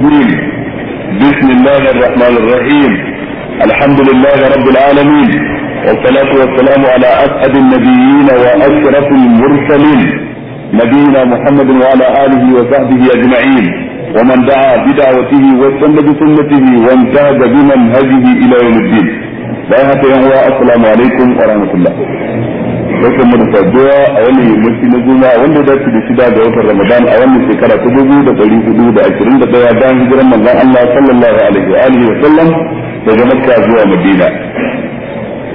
الرجيم بسم الله الرحمن الرحيم الحمد لله رب العالمين والصلاة والسلام على أسعد النبيين وأشرف المرسلين نبينا محمد وعلى آله وصحبه أجمعين ومن دعا بدعوته واستنى بسنته وانتهج بمنهجه إلى يوم الدين. لا السلام عليكم ورحمة الله. barkan mu da saduwa a wannan yammaci na goma wanda ya dace da shida ga watan Ramadan a wannan shekara ta dubu da ɗari hudu da ashirin da ɗaya bayan hijiran manzon Allah sallallahu alaihi wa alihi wa sallam daga Makka zuwa Madina.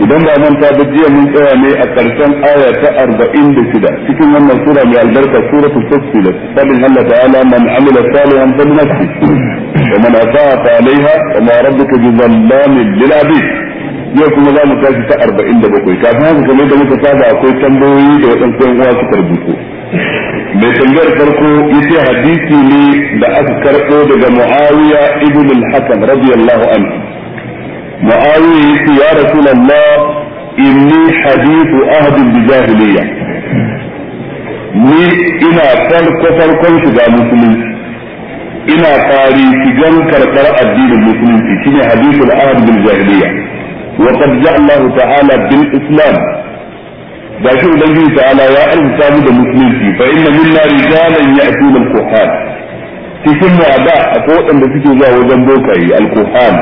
Idan ba manta ba jiya mun tsaya ne a ƙarshen aya ta arba'in da shida cikin wannan sura mai albarka suratul tafsilat sabin Allah ta'ala man amila salihan fa nafsi wa man asaa fa alaiha wa ma rabbuka bi dhallamin lil abid yau kuma za mu tashi ta arba'in da bakwai kafin haka kamar da muka saba akwai tambayoyi da waɗansu yan uwa suka rubuto mai tambayar farko yace hadisi ne da aka karɓo daga muawiya ibn al-hakam radiyallahu anhu muawiya yace ya rasulullah inni hadithu ahdin bi jahiliya ni ina farko farkon shiga musulunci ina fari shigan karɓar addinin musulunci shine hadithul ahd bil jahiliya wa qad ja'allahu ta'ala bil islam da shi ubangiji ta'ala ya arzuta mu da musulunci fa inna minna rijalan ya'tuna al-quhan cikin mu a da aka waɗanda suke zuwa wajen bokaye al-quhan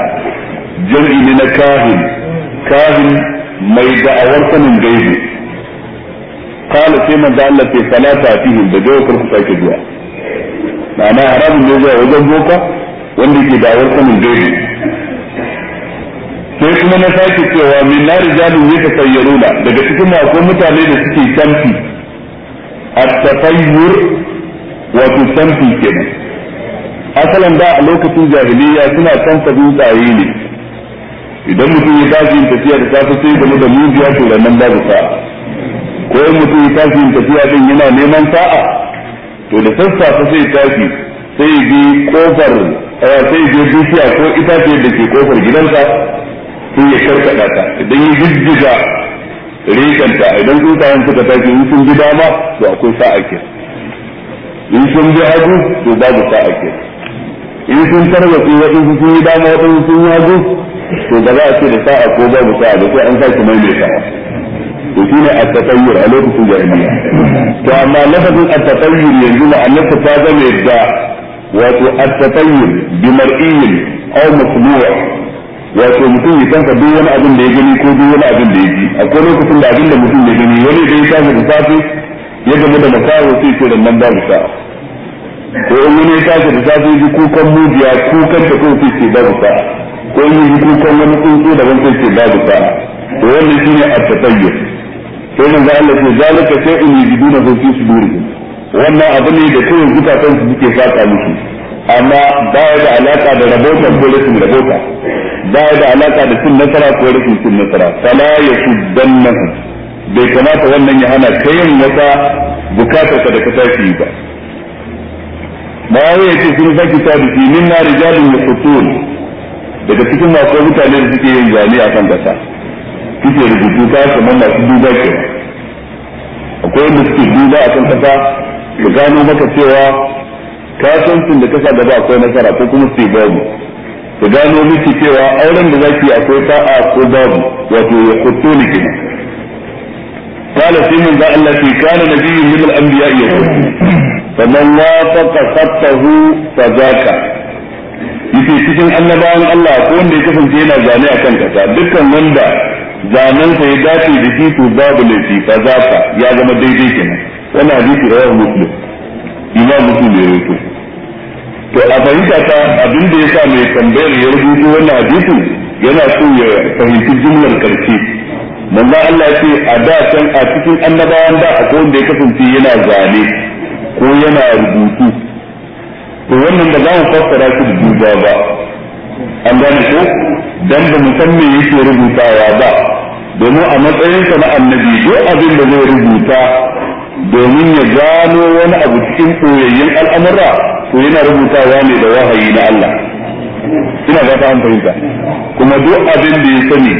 jam'i na kahin kahin mai da'awar sanin gaibi قال سيما قال لك فلا تأتيهم بجوة الخطاك جوا معناها حرام الجوة وجوة بوكا wanda ke da'awar sanin gaibi sai kuma na sake cewa min na rijalun ya tafayyaruna daga cikin masu mutane da suke canfi a tafayyur wato canfi nan asalin da a lokacin jahiliya suna canfa dutsaye ne idan mutum ya tashi yin tafiya da safe sai da da mujiya to nan babu sa'a ko in mutum ya tashi yin tafiya din yana neman sa'a to da sassafe sai tashi sai bi kofar eh, sai bi bishiya ko itace da ke kofar gidansa sai ya karkada ta idan ya jijjiga rikanta idan tsuntsayen suka tafi in sun ji dama to akwai sa'a ke in sun ji hagu to babu sa'a ke in sun tarwatsi waɗansu sun yi dama waɗansu sun yi hagu to ba za a ce da sa'a ko babu sa'a da sai an sa su sake maimaitawa to shine at-tatayyur a lokacin jahiliya to amma lafazin at-tatayyur yanzu ma'anarsa ta zama da wato at-tatayyur bi mar'iyyin aw masmu'a wato mutum ya kanka duk wani abin da ya gani ko duk wani abin da ya ji akwai lokacin da abin da mutum ya gani wani da ya tashi da safe ya gama da makawo sai ce da nan babu sa'a ko in wani ya tashi da safe ya ji kukan mujiya kukan ta kuma sai ce babu sa'a ko in ya ji kukan wani tsuntsu daban sai ce babu sa'a to wannan ne a tafayya sai manzo Allah ce zalika shay'un yajiduna fi sudurihim wannan abu ne da kowace zukatan su suke saka musu amma baya da alaka da rabota ko rashin rabota baya da alaka da sun nasara ko rashin sun nasara fala yasuddannahum bai kamata wannan ya hana kayan yin wata bukatar ka da ka tashi ba bayan ya ce sun saki ta da min na rijalin yasutun daga cikin masu mutane da suke yin zane a kan kasa suke rubutu ta kamar masu duba ke akwai wanda suke duba a kan kasa su gano maka cewa kasuwancin da kasa gaba akwai nasara ko kuma sai babu ku gano miki cewa auren da zaki akwai sa'a ko babu wato ya kuto ni kina قال سيمون ذا التي كان نبي من الأنبياء يقول فمن وافق خطه فذاك yake cikin annabawan Allah ko wanda ya kasance yana zane a kan kasa dukkan wanda zanensa ya dace da shi to babu laifi fa ya zama daidai kenan yana hadisi rawahu muslim imam muslim ya rubuto to a fahimta ta abin da yasa mai tambayar ya rubutu wannan hadisi yana so ya fahimci jumlar karshe manzo Allah ce a da can a cikin annabawan da akwai wanda ya kasance yana zane ko yana rubutu to wannan da za mu fassara shi da duba ba an gane ko dan da musamman yake rubutawa ba domin a matsayinsa na annabi duk abin da zai rubuta domin ya gano wani abu cikin koyayyen al'amura to yana rubutawa ne da wahayi na Allah ina ga ta fahimta kuma duk abin da ya sani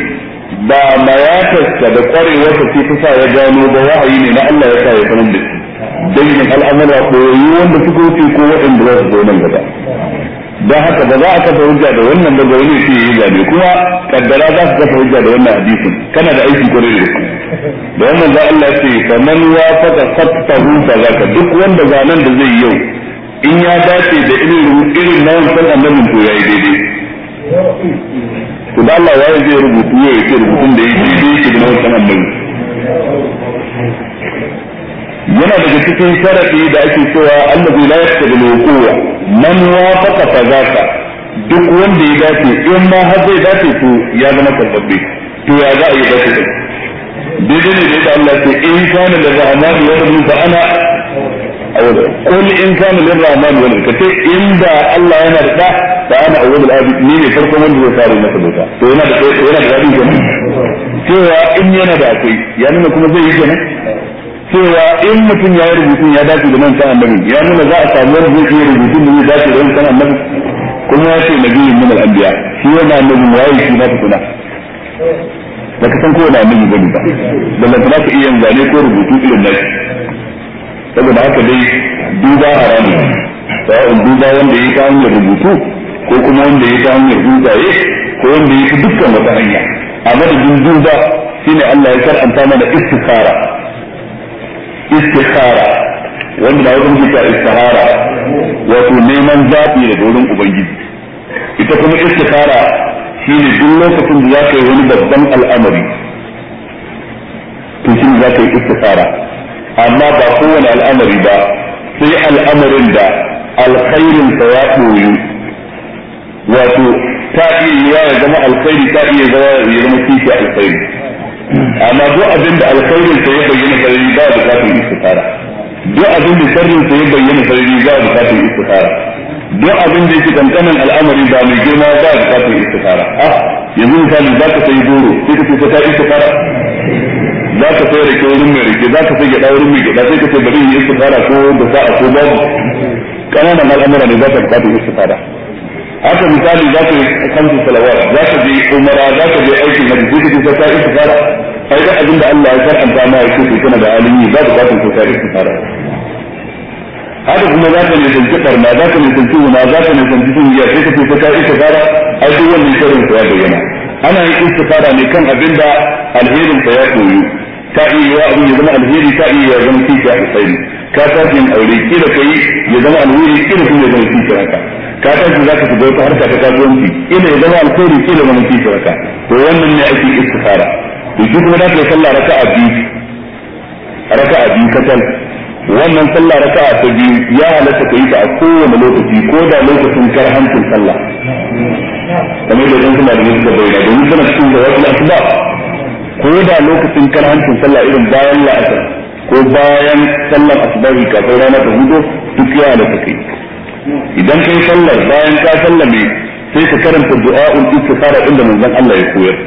ba mayatarsa da kwarewarsa ce ta sa ya gano ba wahayi ne na Allah ya sa ya sanar da shi dangin al'amura koyayyu wanda suka wuce ko waɗanda za su zo nan gaba da haka ba za a kafa hujja da wannan ba da wani shi yi gabe kuma kaddara za su kafa hujja da wannan hadisin kana da aiki ko da da wannan za Allah ce fa man wafaqa hujja za ka duk wanda zanen da zai yau in ya dace da irin irin na wannan annabin to yayi daidai to da Allah ya zai rubutu ya yi rubutun da yake daidai shi da wannan annabin yana daga cikin sharafi da ake cewa allazi la yaqbalu quwwa man wafaqa fadaka duk wanda ya dace in ma har zai dace to ya zama sababbi to ya za a yi dace dai dai ne da Allah ce in kana da rahman wa rabbi fa ana qul in kana lil rahman wa rabbi kace inda Allah yana da da fa ana awwalul abid ni ne farkon wanda zai fara masa bauta to yana da yana da rabbi kenan cewa in yana da akwai ya nuna kuma zai yi kenan cewa in mutum ya yi rubutun ya dace da manzon annabi ya nuna za a samu wani zai yi rubutun da ya dace da manzon annabi kuma ya ce nabi min al-anbiya shi annabi nabi wayi shi na tukuna da ka san ko na annabi gani ba da lan tana iya yin zane ko rubutu irin nan saboda haka dai duba harami sa'in duba wanda ya ta hanyar rubutu ko kuma wanda ya ta hanyar dutsaye ko wanda ya yi dukkan wata hanya a madadin duba shine Allah ya karanta mana istikhara istikhara wanda na wajen bisa istihara wato neman zaɓi daga wurin ubangiji ita kuma istikhara shine duk lokacin da za ka wani babban al'amari to shi za ka yi amma ba kowane al'amari ba sai al'amarin da alkhairin ya wato ta ya zama alkhairi ta ya zama amma duk abin da alkhairin sa ya bayyana sarari ba bukatun istikara duk abin da sharrin sa ya bayyana sarari ba bukatun istikara duk abin da yake kankanin al'amari ba mai girma ba bukatun istikara ah yanzu misali za ka sai goro sai ka ce ta istikara za ka sai rake wurin mai rake za ka sai gyaɗa wurin mai gyaɗa sai ka ce bari yi istikara ko da sa'a ko babu ƙananan al'amura ne za ka bukatun istikara haka misali za ka yi kamsu salawat za ka je umara za ka je aikin hajji zai kaje zaka istikhara sai da abin da Allah ya karanta ma yake to kana da alimi za ka ba ka kai istikhara haka kuma za ka nisanci barna za ka nisanci wuna za ka nisanci sun yi sai ka ce zaka istikhara ai duk wannan shirin ya bayyana ana yin istikhara ne kan abin da alherin sa ya koyi ta iya abin ya zama alheri ta iya zama kishiya alheri ka tashi yin aure kila kai ya zama alheri kila kuma ya zama kishin haka ka tashi za ka shiga wata harka ta kasuwanci kila ya zama alheri kila zama kishin haka to wannan ne ake istikhara to shi kuma za ka sallah raka'a biyu raka'a biyu kacal wannan sallah a ta biyu ya halatta ka yi ta a kowane lokaci ko da lokacin karhancin sallah kamar da yanzu da suka bayyana domin suna cikin da wasu asbab ko da lokacin karhancin sallah irin bayan la'asar ko bayan sallar asubahi kafin rana ta hudu duk ya halatta kai idan kai sallar bayan ka sallame sai ka karanta du'a'ul istikhara inda manzon Allah ya koyar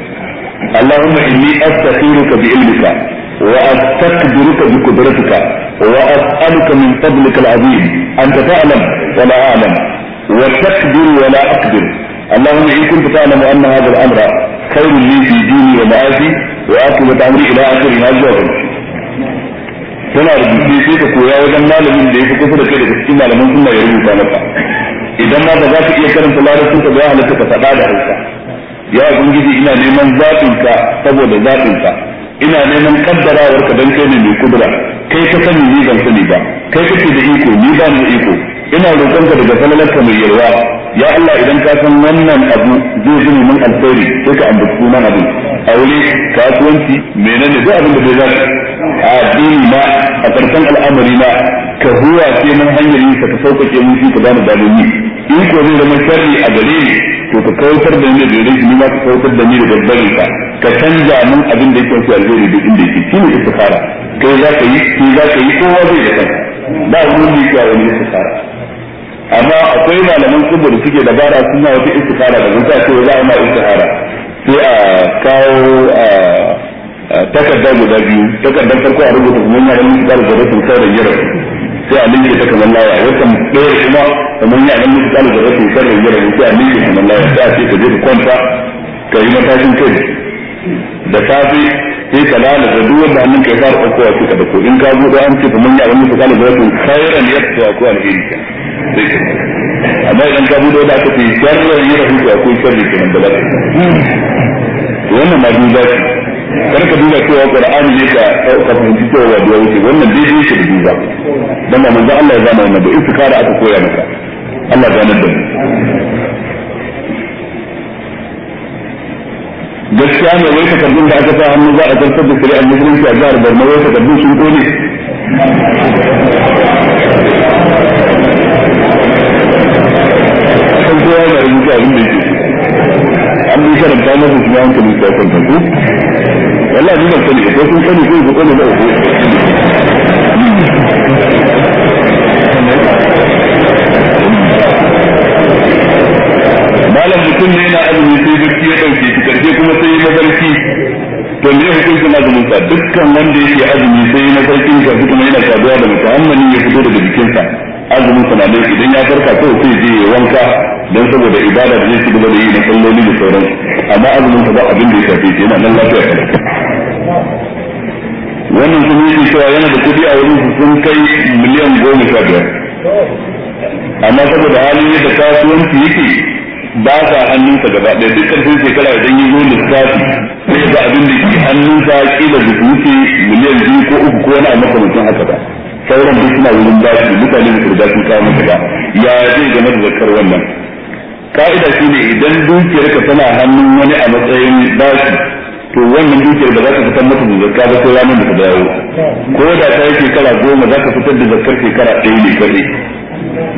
Allahumma inni astakhiruka bi ilmika wa astaqdiruka bi qudratika wa as'aluka min fadlika al-'azim anta ta'lam wa la a'lam wa taqdiru wa la aqdir اللهم إن كنت تعلم أن هذا الأمر خير لي في ديني ومعاشي وآخر أمري إلى آخر هذا الجواب tana rubuce sai ka koya wajen malamin da ya fi kusa da kai daga cikin malaman suna ya rubuta maka idan ma ba za ka iya karanta larabcin ka ba ya halatta ka faɗa da hausa ya ubangiji ina neman zaɓin ka saboda zaɓin ka ina neman kaddarawar ka don kai ne mai kudura kai ka sani ni ban sani ba kai kake da iko ni ba ni iko ina roƙon daga falalar ka mai yarwa ya Allah idan kasan wannan abu zai zama mun alheri sai ka ambaci sunan abu aure kasuwanci menene duk abin da zai zama a addini na a karshen al'amari na ka zuwa ke mun hanyar yi ka sauƙaƙe mun shi ka bani dalili in ko zai zama sharri a gare ni to ka kautar da ni da ni ma ka kautar da ni da gaggare ka ka canza mun abin da yake so alheri duk inda yake kai yi wani ne amma akwai malaman kubur da suke dabara sun ma wata istihara da gusa ce wajen a ma istihara sai a kawo takardar guda biyu takardar farko a rubuta kuma yana yin istihara da rasul sauran yara sai a linke ta kamar laya wata ɗaya kuma kamar yana yin istihara da rasul sauran yara sai a linke kamar laya sai a ce ka je ka kwanta ka yi matashin kai da safe sai ka lana da duk wanda hannun kai ya fara ɗaukowa sai ka dauko in ka zo da an ce kamar yana yin istihara da rasul da yara sai a ko alheri kenan amma idan ka bude da aka ce sharrin yi rahu to akwai sharri kenan da zaka to wannan ma duba ce kar ka duba cewa qur'ani ne ka ka fahimci cewa da ya wuce wannan dai dai shi da duba dan ba manzo Allah ya zama wannan ba istikara aka koya maka Allah ya nan da gaskiya ne wai takardun da aka sa hannu za a zartar da shari'ar musulunci a jihar Borno wai takardun sun kone fahimci abin da yake an bi karanta masa shi ma hankalin shi ya kwanta ko ni ban sani ko sun sani ko su sani da uku malam mutum ne yana azumi sai barci ya dauke shi karshe kuma sai ya mafarki to me hukuncin azumin sa dukkan wanda yake azumi sai ya mafarkin sa kuma yana saduwa da mutum ya fito daga jikinsa azumin sa na idan ya farka kawai sai je ya wanka dan saboda ibada da yake ci gaba da yi na salloli da sauran amma azumin ka ba abin da ya shafe shi yana nan lafiya kada wannan sun yi cewa yana da kudi a wurin su sun kai miliyan goma sha biyar amma saboda halin yadda kasuwanci yake ba sa hannunsa gaba ɗaya duk ƙarfin shekara idan yi zo lissafi sai ga abin da ke hannunsa kila da wuce miliyan biyu ko uku ko wani a makamancin haka ba sauran duk suna wurin bashi mutane da su riga sun kawo masa ba ya zai game da zakar wannan ka'ida shi ne idan dukiyar ka tana hannun wani a matsayin bashi to wannan dukiyar da za ka fitar mata da zakka ba sai ranar da ka dawo ko da ta yi shekara goma za ka fitar da zakkar shekara ɗaya ne kaɗai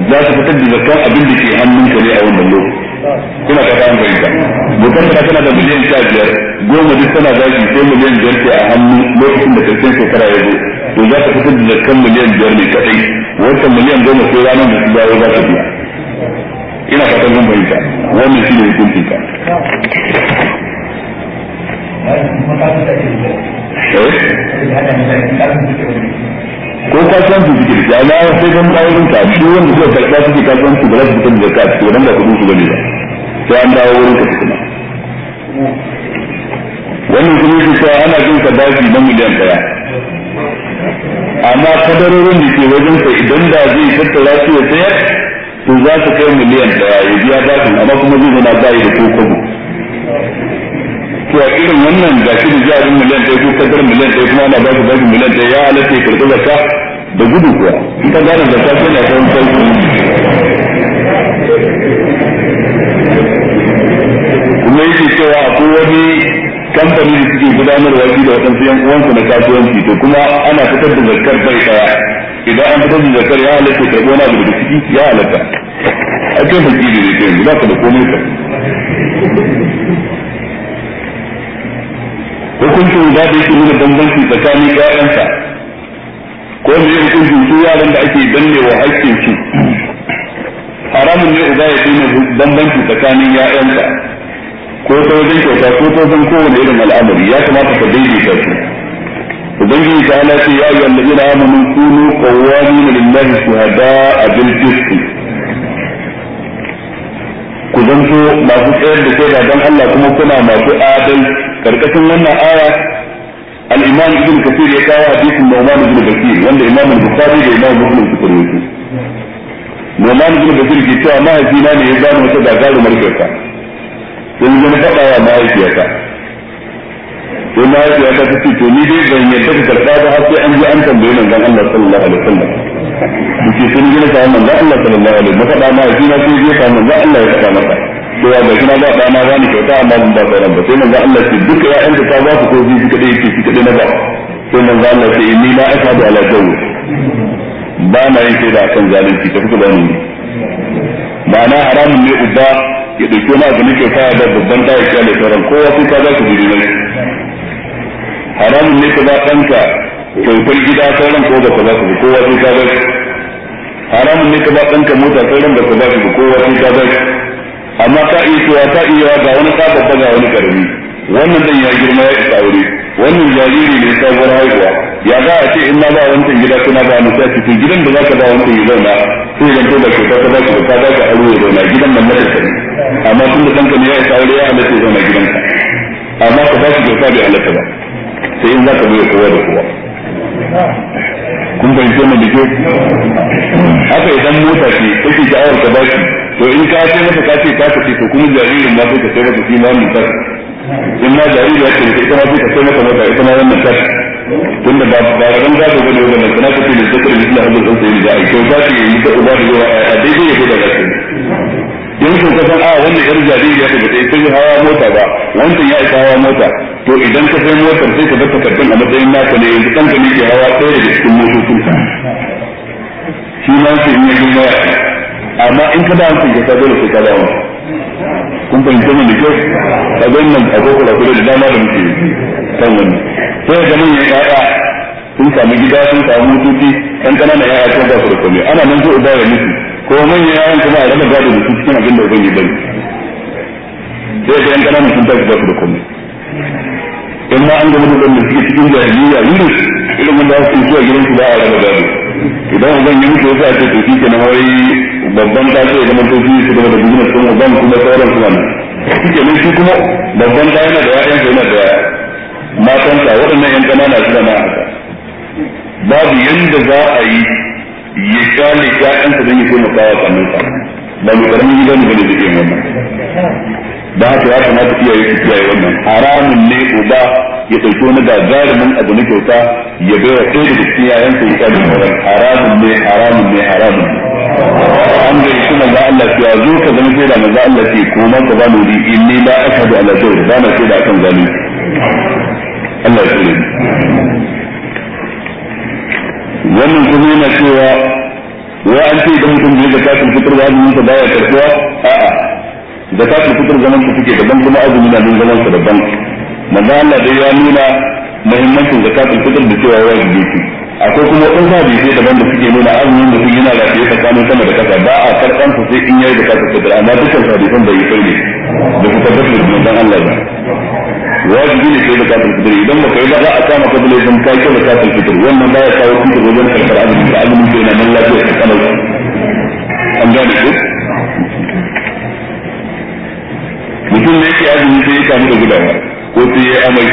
za ka fitar da zakkar abin da ke hannun ka ne a wannan lokaci kuna ka samu fahimta mutum ka tana da miliyan sha biyar goma duk tana zaki sai miliyan biyar ke a hannu lokacin da karshen shekara ya zo to za ka fitar da zakkan miliyan biyar ne kaɗai wancan miliyan goma sai ranar da su dawo za ka biya ina fatan mun bayyana wannan ne hukuncin ka eh? ko su suke da shi na sai kan bayan ka shi wanda suka karɓa suke kasuwanci ba za su fitar da zakka su wannan ba kudin su gani ba sai an dawo wurin ka tukuna wannan kuma yake ka ana jin ka bashi na miliyan daya amma kadarorin da ke wajen sa idan da zai tattara su ya sayar to za su kai miliyan daya ya biya bashin amma kuma zai zama bayi da kokobo to a irin wannan da shi da jarin miliyan ɗaya ko kadar miliyan ɗaya kuma ana ba shi bashin miliyan ɗaya ya halatta ya karɓi zakka da gudu kuwa in ka gane zakka sai na kan sauki kuma yake cewa akwai wani kamfani da suke gudanarwa shi da waɗansu yan uwansu na kasuwanci to kuma ana fitar da zakkar bai ɗaya idan an fitar da zakar ya halatta karɓi wani abu da ciki ya halatta a kai fakiri ne kai za ka da komai ka hukuncin za da yake nuna bambanci tsakanin ƴaƴansa ko me ya hukuncin su yaran da ake danne wa haƙƙin su haramun ne uba ya nuna bambanci tsakanin ƴaƴansa ko ta wajen kyauta ko ta wajen kowane irin al'amari ya kamata ka daidaita su ubangiji ta ala ce ya yi wanda zira amanu kunu qawwamin lillahi a bil qisti ku zanto masu tsayar da shaida don Allah kuma kuna masu adal karkashin wannan aya al-imam ibn kathir ya kawo hadisin Nu'man ibn Bashir wanda imam bukhari da imam Muslim suka rawaito Nu'man ibn Bashir ke cewa mahaifina ne ya gano wata gagarumar kyauta sai mun faɗa wa mahaifiyata sai mahaifiyata ta ce to ni dai ban yarda ka karɓa ba har sai an ji an tambaye manzon Allah sallallahu alaihi wasallam duke sun gina ta manzo Allah sallallahu alaihi wasallam faɗa ma shi na sai ya ta manzo Allah ya faɗa masa cewa ga kina ba ɗana za ni kyauta amma ban ba sauran ba sai manzo Allah ce duka ya'yan da ta ba ku ko biyu kadai yake shi kadai na ba sai manzo Allah ce inni la ashhadu ala ba na yin shaida zalunci ta fuka bani ma'ana haramun ne ubba ya dauki wani abu ne kyauta da babban da kyale sauran kowa sai ka za ku bi ne haramun ne ka ba kyautar gida sauran ko ba ka ba su ba kowa sun ta ba haramun ne ka ba ɗanka mota sauran ba ka ba su ba kowa sun ta ba shi amma ka iya cewa ka iya ga wani ka ba ga wani karami wannan zan ya girma ya isa wuri wannan jariri ne sabuwar haihuwa ya za a ce in na ba wancan gida kuna ba mu sai cikin gidan da za ka ba wancan ya zauna sai zan da ke ta ba shi ka ta ka aro ya zauna gidan nan mata sani amma tun da ɗanka ne ya isa wuri ya halatta ya zauna ka amma ka ba shi kyauta bai halatta ba sai in za ka biya kowa da kowa kun fahimci wannan da ke haka idan mota ce kake sha'awar ka ba shi to in ka ce masa ka ce ka ka ce to kuma jaririn ma sai ka sai masa kima mun ta in ma jariri ya ce ita ma sai ka sai masa mota ita ma wannan ta da ba ba ran za ka gani wannan kana ka ce da yi da hajjar sai da ai to za ka yi ta uba da yawa a dai wannan yar ya da bata isa hawa mota ba wannan ya isa hawa mota to idan ka sai mota sai ka zata kaddun a matsayin naka ne yanzu kanka ne ke hawa ɗaya da cikin motocin ka shi ma sai yi girma amma in ka da hankali ka dole sai ka dawo kun fahimta ne da kyau a wannan akwai kurakure da dama da muke kan wannan sai ga manyan ya'ya sun sami gida sun sami mutunci ɗan ƙananan ya'ya sun ba su da komai ana nan so uba ya nufi ko manyan yaran kuma a rana gado da su cikin abin da ubangiji bane sai ga yan kananan sun tashi ba su da komai in ma an gama da wanda suke cikin jahiliya yunus irin wanda za su yi zuwa su ba a raba gado idan uban ya mutu wasu a ce to shi na wai babban ta ce zama to su gaba da bugunan sun uban kuma sauran su wannan suke ne shi kuma babban ta yana da ya'yan yana da matansa waɗannan yan kanana su da haka babu yadda za a yi ya kyale ya'yansa don ya taimaka wa ba mai karamin gida ne bane zai wannan da haka ya kamata iyaye su kiyaye wannan haramun ne uba ya dauki wani gagarumin abu na kyauta ya bai wa ɗaya daga cikin yayan sa ya da. wannan haramun ne haramun ne haramun an ga shi manzo Allah ya zo ka zama shaida manzo Allah ce ko ma ka bani wuri inni la ashhadu ala zulm ba na da akan gani. Allah ya tsare wannan kuma yana cewa wa an ce idan mutum bai da kafin fitar da azumin sa baya karbuwa a'a da kafin fitar zaman sa take daban kuma azumi na nan zaman sa daban manzo Allah dai ya nuna muhimmancin zakatul fitr da cewa wajibi ce akwai kuma wadansu hadisi daban da suke nuna azumin mutum yana da fiye tsakanin sama da kasa ba a karɓar sa sai in yayi zakatul fitr amma dukkan hadisan bai yi kai ne da su tabbatar da dan Allah ba wajibi ne kai zakatul fitr idan ba kai ba za a kama kabila idan ka kai zakatul fitr wannan baya kawo kuma wajen karkar azumi da azumi ke na nan lafiya ta kalau an gane ko mutum ne yake azumi sai ya kamu da gudawa ko sai ya amai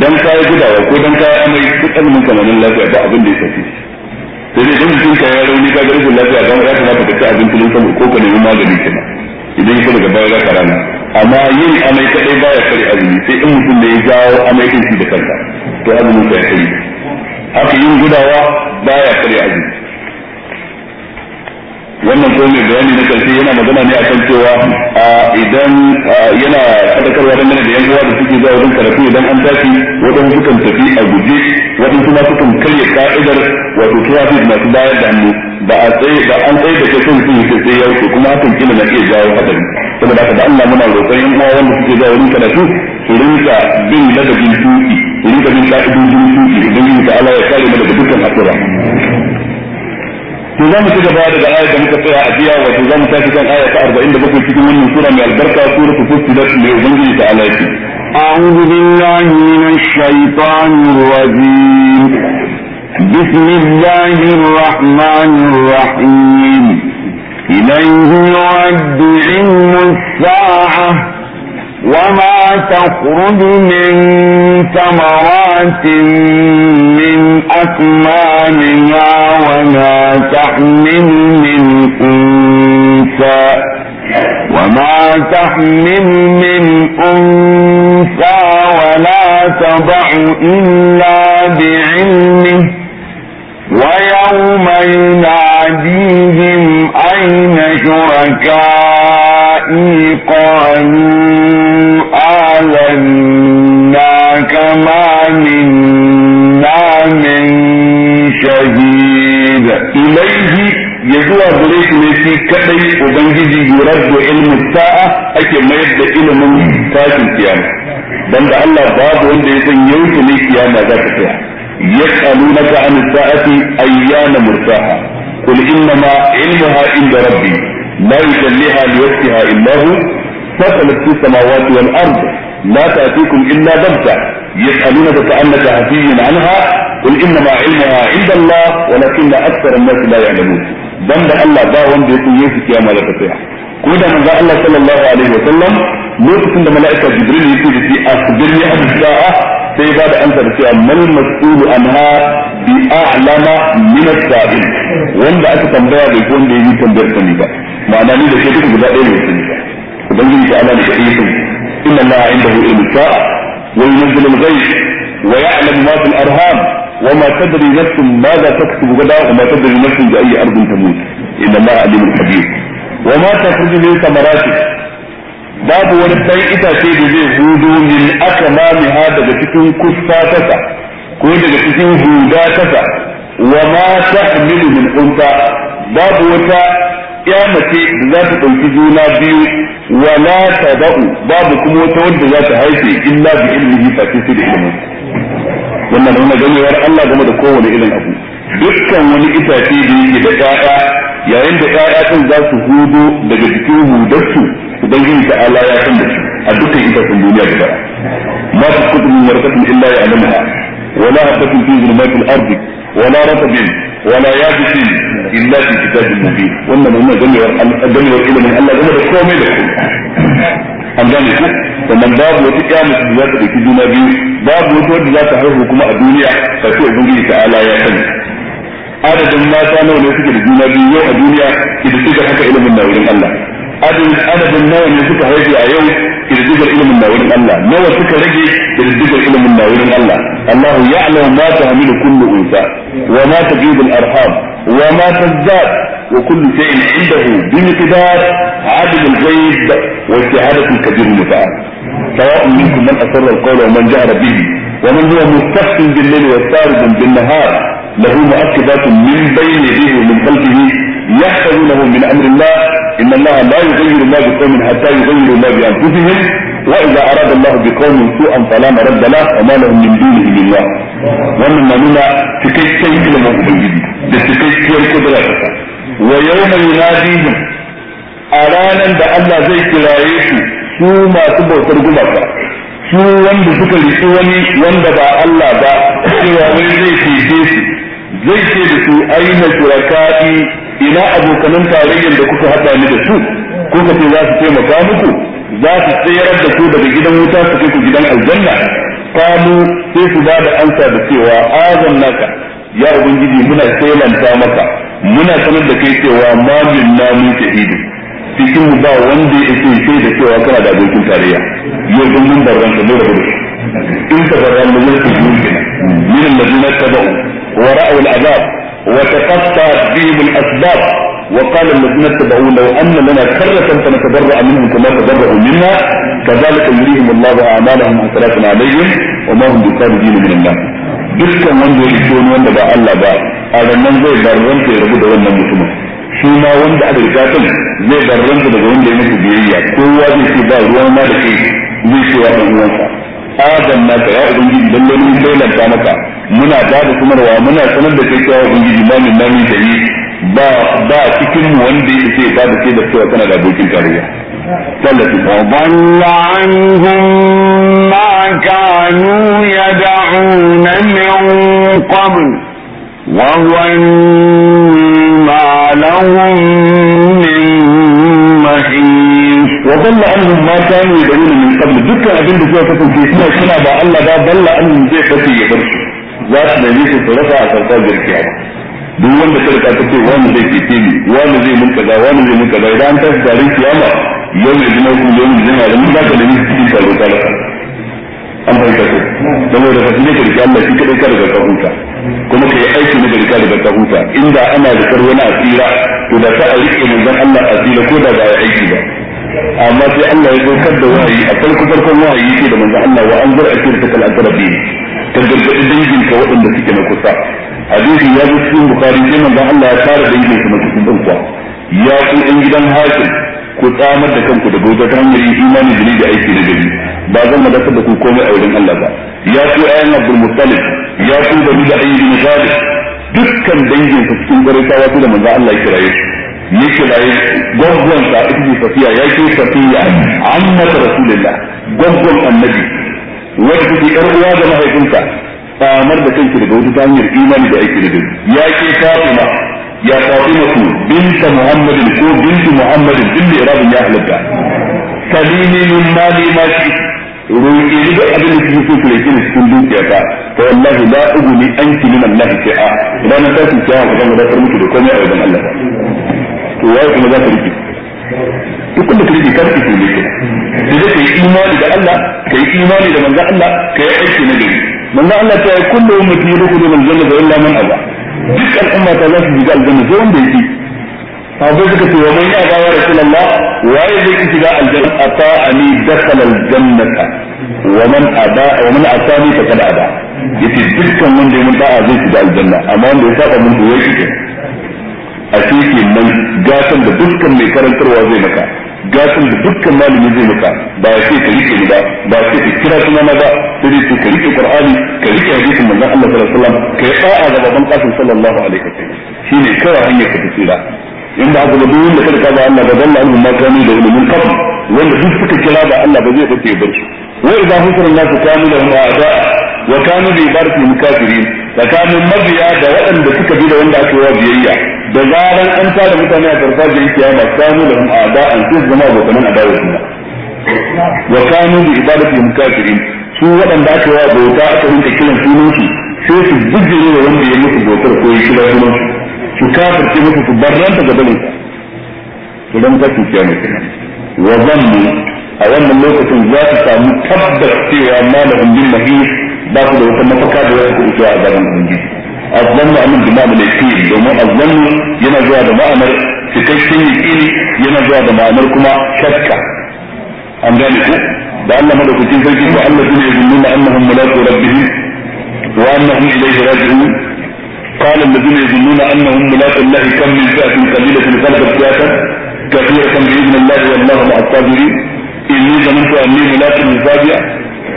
dan ka yi gudawa ko dan ka yi amai duk azumin kamanin lafiya ba abin da ya tafi sai dai dan mutum ka ya rauni ka ga rashin lafiya ga ya kamata ka ci abinci don ko ka nemi magani kenan idan ya daga baya zaka rana amma yin amai kadai baya kare azumi sai in mutum da ya jawo amai din shi da kanka to azumin sa ya kare haka yin gudawa baya kare azumi wannan ko mai bayani na karshe yana magana ne akan cewa idan yana sadakarwa dan da yan uwa da suke zuwa wajen karatu idan an tashi wadan sukan tafi a guje wadan kuma sukan karya ka'idar wato tuwafi masu bayar da hannu ba a tsaye ba an tsaye da kai sun yake sai ya wuce kuma hakan kila na iya jawo hadari saboda haka da Allah muna roƙon yan uwa wanda suke zuwa wajen karatu su rinka bin ladabin tuki su rinka bin ka'idojin tuki idan yin ta'ala ya kare mu daga dukkan asira to za mu ci gaba daga ayar da muka tsaya a biya wato za mu tafi kan aya ta 47 cikin wannan sura mai albarka suratul fussilat mai ubangiji ta alaiki أعوذ بالله من الشيطان الرجيم بسم الله الرحمن الرحيم إليه يرد علم الساعة وما تخرج من ثمرات من أكمامها وما تحمل من أنثى وما تحمل من أنثى ولا تضع إلا بعلمه ويوم يناديهم أين شركاء أولئك قالوا آمنا كما منا من شهيد إليه يزوى بريك نسي كدي وبنجي يرد علم الساعة أكي ما يبدأ علم ساعة القيامة بند الله باب وند يسن يوم القيامة ذات الساعة يسألونك عن الساعة أيان مرساها قل إنما علمها عند ربي لا يجليها لوقتها إلا هو فصلت في السماوات والأرض لا تأتيكم إلا بغتة يسألونك كأنك هفي عنها قل إنما علمها عند الله ولكن أكثر الناس لا يعلمون بند الله با wanda yake yin kiyama da ta tsaya ko da manzo Allah sallallahu alaihi wa sallam lokacin da malaika jibril yake da shi asbirni an sa'a sai ba da amsa da cewa mal mas'ulu anha bi a'lama min wanda aka tambaya bai ko wanda yi tambayar sani ba ma'ana ni da shi guda ɗaya ne su nisa ubangiji ta ana da shi ɗaya su inna la inda hu inisa wa yi nufin ilgai wa ya alam mafin arham wa ma tadari nafsun ma za ta kusa guga da da ayi arzun ta mutu inna la alimul habib wa ma ta kurji ne ta marashi babu wani ɗan itace da zai hudu min aka mamiha daga cikin kusa tasa ko daga cikin huda tasa wa ma ta min unta babu wata ya da za ta ɗauki juna biyu wala ta ba'u babu kuma wata wadda za ta haife illa bi ilmihi fa sai da ilimi wannan nuna gamewar Allah game da kowane irin abu dukkan wani itace da yake da ƴaƴa yayin da ƴaƴa din za su hudo daga jikin hudarsu ubangiji ta ala ya san da su a dukkan itacen duniya da bara ma ta kudu min warqatin illa ya'lamuha wala habatin fi zulmatil ardi wala ratabin wala yabisi illa fi kitabin mubin wannan mun gamewar gamewar ilimin Allah game da komai da komai an gane ku sannan babu wata kiyama da za ta dauki juna biyu babu wata wadda za ta haihu kuma a duniya ta ce ubangiji ta ala ya sani adadin mata nawa ne suke da juna biyu yau a duniya idan suka haka ilimin na wurin Allah adin adadin nawa ne suka rage a yau kirdigar ilimin na wurin Allah nawa suka rage kirdigar ilimin na wurin Allah Allah ya'lamu ma tahmilu kullu unsa wa ma tajidu al-arham wa ma tazdad wa kullu shay'in indahu bi miqdar adad al-ghaib wa shahadatu al-kabir muta'al سواء منكم من أسر القول ومن جهر به ومن هو مستخف بالليل وسارد بالنهار له مؤكدات من بين يديه ومن خلفه يحفظونه من أمر الله inna Allah la yughayyiru ma biqawmin hatta yughayyiru ma bi anfusihim wa idza arada Allah biqawmin su'an fala maradda lahu wa ma lahum min dunihi min wa wannan na nuna cikakken ilimin ubangiji da cikakkiyar kudura ta wa yawma yunadihim a ranar da Allah zai kiraye su su masu bautar gumaka su wanda suka riƙi wani wanda ba Allah ba cewa zai fice zai ce da su aina shuraka'i ina abokanan tarayyar da kuka haɗa ni da su kuka ce za su taimaka muku za su tsayar da su daga gidan wuta su kai ku gidan aljanna kamu sai su ba da ansa da cewa azan naka ya ubangiji muna tsayanta maka muna sanar da kai cewa ma min na min shahidu cikin ba wanda ya ce sai da cewa kana da abokin tarayya yau gungun mun da mu da in ta barran da mu da ne min ta ورأوا العذاب وتقطعت بهم الأسباب وقال الذين اتبعوا لو ان لنا كرة فنتبرأ منهم كما تبرأوا منا كذلك يريهم الله اعمالهم حسرات عليهم وما هم بخارجين من الله dukkan wanda ya fito wanda ba Allah ba a nan zai barranta ya rabu da wannan mutumin shi ma wanda aka riga kan zai barranta daga wanda ya mutu biyayya kowa zai ce ba ruwan ma da kai zai ce wa ɗan uwansa adam na ka ya ubangiji lallai mun lalanta maka muna ba da sanarwa muna sanar da kai cewa ubangiji ma min nami da yi ba ba cikin mu wanda yake ba da sai da cewa kana da abokin tarayya وضل عنهم ما كانوا يدعون من قبل وظنوا ما لهم من محيص وضل عنهم ما كانوا يدعون من قبل ذكر أبن بسوء فتن في سنة سنة بأ الله بأ ضل عنهم زي فتي يبرشوا za su nemi su su rasa a sarfa jirkiya duk wanda ta rika ta ce wani zai keke ni wani zai mun kaza wani zai mun kaza idan an tashi tarin kiyama yau mai jina kuma yau mai jina da mun za ka nemi su cikin taro ta rasa an fahimta ko saboda ka ne ka rika Allah shi kadai ka riga ka huta kuma ka yi aiki na garka daga ka huta inda ana da wani asira to da ta a rike manzon Allah asira ko da ba a aiki ba amma sai Allah ya dokar da wahayi a farko farkon wahayi yake da manzo Allah wa anzur ashirka al aqrabi ta gargadi dangin ka waɗanda suke na kusa hadisi ya zo cikin bukari sai manzo Allah ya fara dangin sa na kusa din ya ku in gidan hakim ku tsamar da kanku da gobe ta hanyar imani da da aiki da gari ba zan madasa da ku komai a wurin Allah ba ya ku ayan abdul muttalib ya ku da da ayyukan dukkan dangin sa cikin gari ta wato da manzo Allah ya kiraye su ya kirayi gwaggonsa ita ce safiya ya ce safiya annata rasulullah gwaggon annabi wadda take yar uwa da mahaifinsa samar da kanki daga wata ta hanyar imani da aiki da dai ya ce fatima ya fatima ku binta muhammadin ko binti muhammadin din da irabin ya halatta kalimi min mali ma shi roƙi ni ga abin da kike so ki rike cikin dukiyarka fa wallahi la ugni anki min Allah shay'a idan ka ci ta ga da farmiki da komai a wajen Allah to waye kuma za ka rike duk da kake ka rike ne to da kai imani da Allah kai imani da manzon Allah kai aiki na gari manzon Allah ta yi kullu ummati yadkhulu min jannati illa man aba duk al'umma ta za su shiga aljanna sai wanda yake bai suka ce wa man ya ba wa rasulullah waye zai ki shiga aljanna ata'ani dakhala aljannata wa man aba wa man asani faqad aba yace dukkan wanda ya mun da'a zai shiga aljanna amma wanda ya saba mun to yake a cikin nan gatan da dukkan mai karantarwa zai maka gatan da dukkan malami zai maka ba ya ce ka rike ni ba ba ya ce ka kira suna na ba sai ce ka rike qur'ani ka rike hadisin manzon Allah sallallahu alaihi wasallam ka yi da'a ga baban kasin sallallahu alaihi wasallam shine kawai hanyar ka da in ba ga duk da kada ba Allah ba dalla annum makani da ilimin qabl wanda duk suka kira ba Allah ba zai fice bar su wa idza husira nasu kanu lahum a'da'a wa kanu bi ibarati mukafirin tsakanin mabiya da waɗanda suka bi da wanda aka yi biyayya da zaran an tada mutane a farfajiyar kiyama kanu da a'da an su zama abokanan adawa kuma wa kanu bi ibadatihim mukafirin su waɗanda aka wa bauta aka rinka kiran sunan su sai su bijire da wanda ya musu bautar ko ya kira sunan su su kafirce musu su barranta ga balin idan ka tuciya ne wa zanni a wannan lokacin za su samu tabbas cewa malamin bin mahis ba su da wata mafaka da wata kuɗi a gaban ubangiji azzannu amin imam al-yaqin domin azzannu yana zuwa da ma'anar cikakken yaqini yana zuwa da ma'anar kuma shakka an gane ku da Allah madaukakin sarki ko Allah ne ya zunnuna annahum mulaqu rabbihim wa annahum ilayhi raji'un قال الذين يظنون انهم ملاك الله كم من فئه قليله غلبت فئه كثيره باذن الله والله مع الصابرين اني ظننت اني ملاك من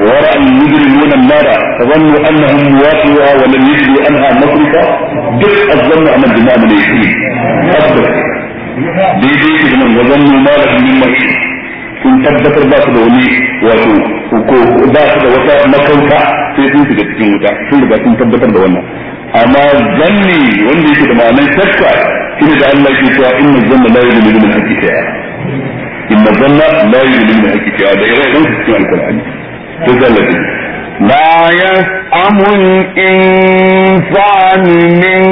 ورأى المجرمون النار فظنوا أنهم مواقعها ولم يجدوا عنها مصرفا دق الظن أن الدماء من يشري أصدق daidai su nan wajen noma da hannun mai sun tabbatar ba su da wani ko ba su da wata makauta sai sun shiga cikin wuta sun riga sun tabbatar da wannan amma zanni wanda yake da ma'anar shakka shi da Allah ke cewa inna zanna la yudillu min hakika inna zanna min cikin alkur'ani لا يسأم الإنسان من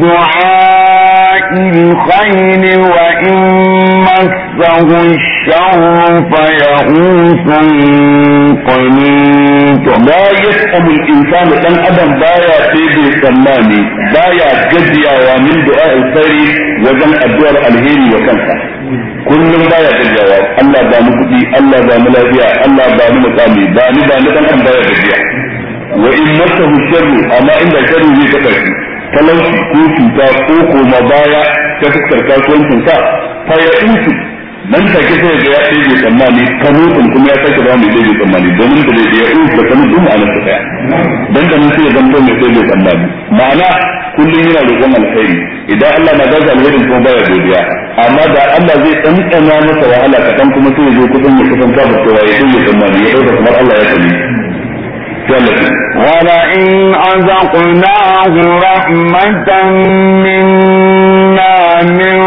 دعاء الخير وإن مسه الشر فيئوس قنيط لا يسأم الإنسان أن أدم بايا سيد السلام بايا جزيا ومن دعاء الخير وزن الدعاء الهيري وكنسا kullum baya gajiyawa Allah ba mu kuɗi Allah ba mu lafiya Allah ba mu mutane ba ni ba ni dan kan baya gajiya wa in masahu sharru amma inda sharru zai ta karfi talauci ko ko baya kasuwancin ka fa nan take sai ya ɗaiɗe tsammani kanutun kuma ya sake ba mai ɗaiɗe tsammani domin da da ya ɗaiɗe da kanutun ma'anar ta ɗaya dan da nan sai ya zanto mai ɗaiɗe tsammani ma'ana kullum yana roƙon alheri idan Allah na gaza alherin kuma baya godiya amma da Allah zai ɗanɗana masa wahala kaɗan kuma sai ya zo kusan ya kusan kafa cewa ya ɗaiɗe tsammani ya ɗauka kamar Allah ya kalli ولئن أذقناه رحمة منا من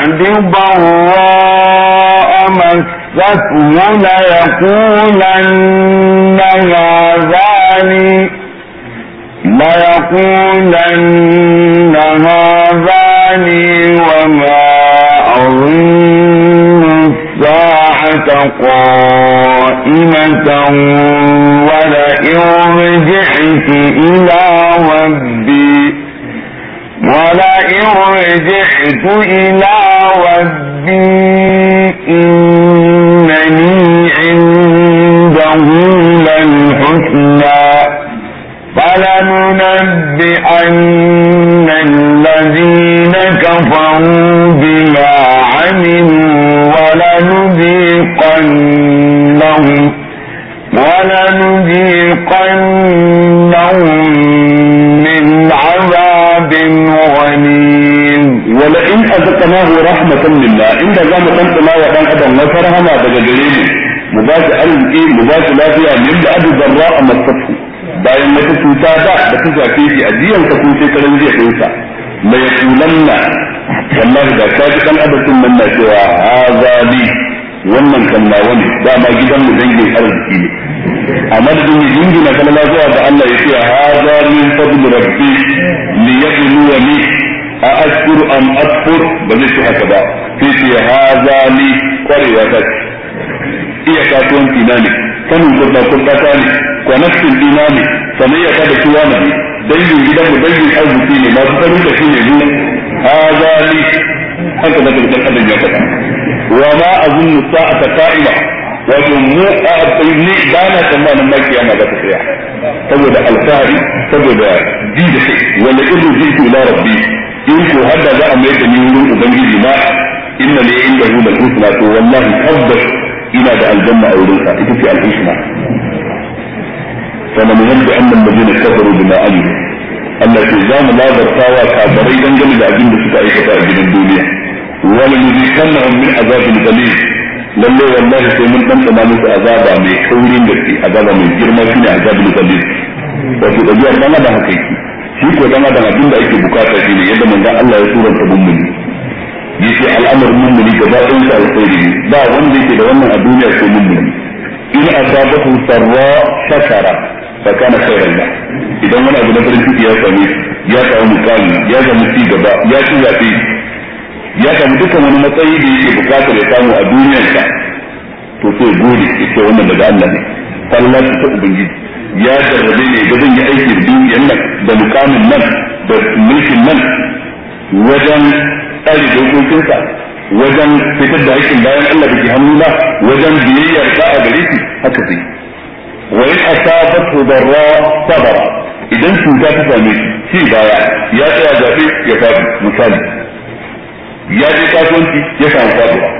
بعد ضراء مسته ليقولن هذا لي ليقولن هذا لي وما أظن الساعة قائمة ولئن رجعت إلى ربي ولئن رجعت إلى ربي إنني عنده للحسنى فلننبئن الذين كفروا بما عملوا ولنذيقنهم ولنذيقنهم azqnahu rahmatan lillah inda za mu tantana wa dan adam wata rahama daga gare mu mu ba shi arziki mu ba shi lafiya min da abu zarra a masatu bayan wata cuta da da ta shafe shi a jiyan ka kun shekaran jiya ɗinsa mai yaqulanna wallahi da ka ji dan adam din nan na cewa azali wannan kan nawa ne dama gidan mu dangin arziki ne a madadin ya jingina na zuwa ga Allah ya ce haza min fadl rabbi li a ashkuru am akfur ba zai ci haka ba sai ce haza ni kwarewa ta ce iya kasuwanci na ne sanin kurda kurda ta ne kwanaktin dina ne sanayya ta da suwa ne dangin gidanmu dangin arziki ne masu tsarin da shi ne mu haza ni haka da kurkar adam ya faɗa wa ma azun sa'ata qa'ima wato mu a ni ba na tsammanin ma kiyama za ta tsaya saboda alfahari saboda ji da kai wala irin jitu ila rabbi in ko hadda za a mai da ni wurin ubangiji na inna li inda hu da husna to wallahi tabbas ina da aljanna a wurin sa ita ce al-husna fa man yabda anna alladhina kafaru bima amilu Allah ke za mu labartawa kafarai dangane da abin da suka aikata a gidan duniya wala yuzikannahum min azabin qalil lalle wallahi sai mun tantana musu azaba mai kaurin gaske azaba mai girma shine azabin qalil wato da biyar dan adam haka yake shi ko dama da abin da ake bukata shi ne yadda manzon Allah ya suranta mummuni yace al'amarin mummuni gaba ɗayan sa alkhairi ne ba wanda yake da wannan a duniya ko mummuni in asabatu sarra shakara fa kana khairan la idan wani abu na farin ciki ya same ya samu mukami ya samu ci gaba ya ci ya ci ya samu dukkan wani matsayi da yake bukatar ya samu a duniyarsa to sai gode ya ce wannan daga Allah ne Allah ta ubangiji ya jarrabe ne ga zan yi aiki da dukiyar nan da mukamin nan da mulkin nan wajen tsari dokokinsa wajen fitar da aikin bayan Allah da ke hannuna wajen biyayyar a gare shi haka zai wa in asabatu darra sabara idan cuta ta same shi shi baya ya tsaya zabe ya fadi misali ya je kasuwanci ya samu faduwa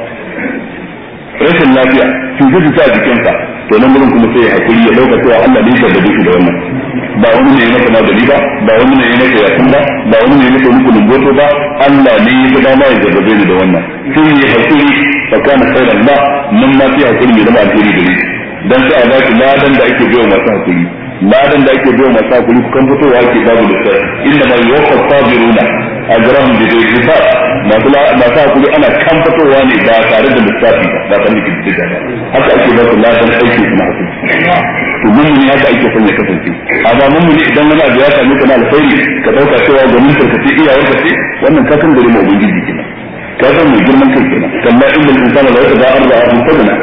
rashin lafiya cutar ta jikinsa to nan gurin kuma sai ya hakuri ya dauka cewa Allah ne ya shaddade shi da wannan ba wani ne ya maka magani ba ba wani ne ya maka yakin ba ba wani ne ya maka wani kulumboto ba Allah ne ya ga dama ya jaddade ni da wannan sai ya hakuri fa kana khairan ba nan ma sai hakuri ya zama alheri gare dan sai a ba ki ladan da ake biyo masu hakuri ladan da ake biyo masu hakuri kukan fitowa ake babu da sai inna ma yuwaffa sabiruna ajrahum bi ghayri hisab ba ta hakuri ana fatowa ne ba tare da lissafi ba ba tare da kididdiga haka ake ba su lafiyan aiki na hakuri to ne haka ake son ya kasance amma ne idan wani abu ya same ka na alkhairi ka dauka cewa domin tarkace iyawar ka ce wannan ka san gari mai ubangiji kenan ka san mai girman kai kenan kalla inda insan la yata ba'ar da ta tabana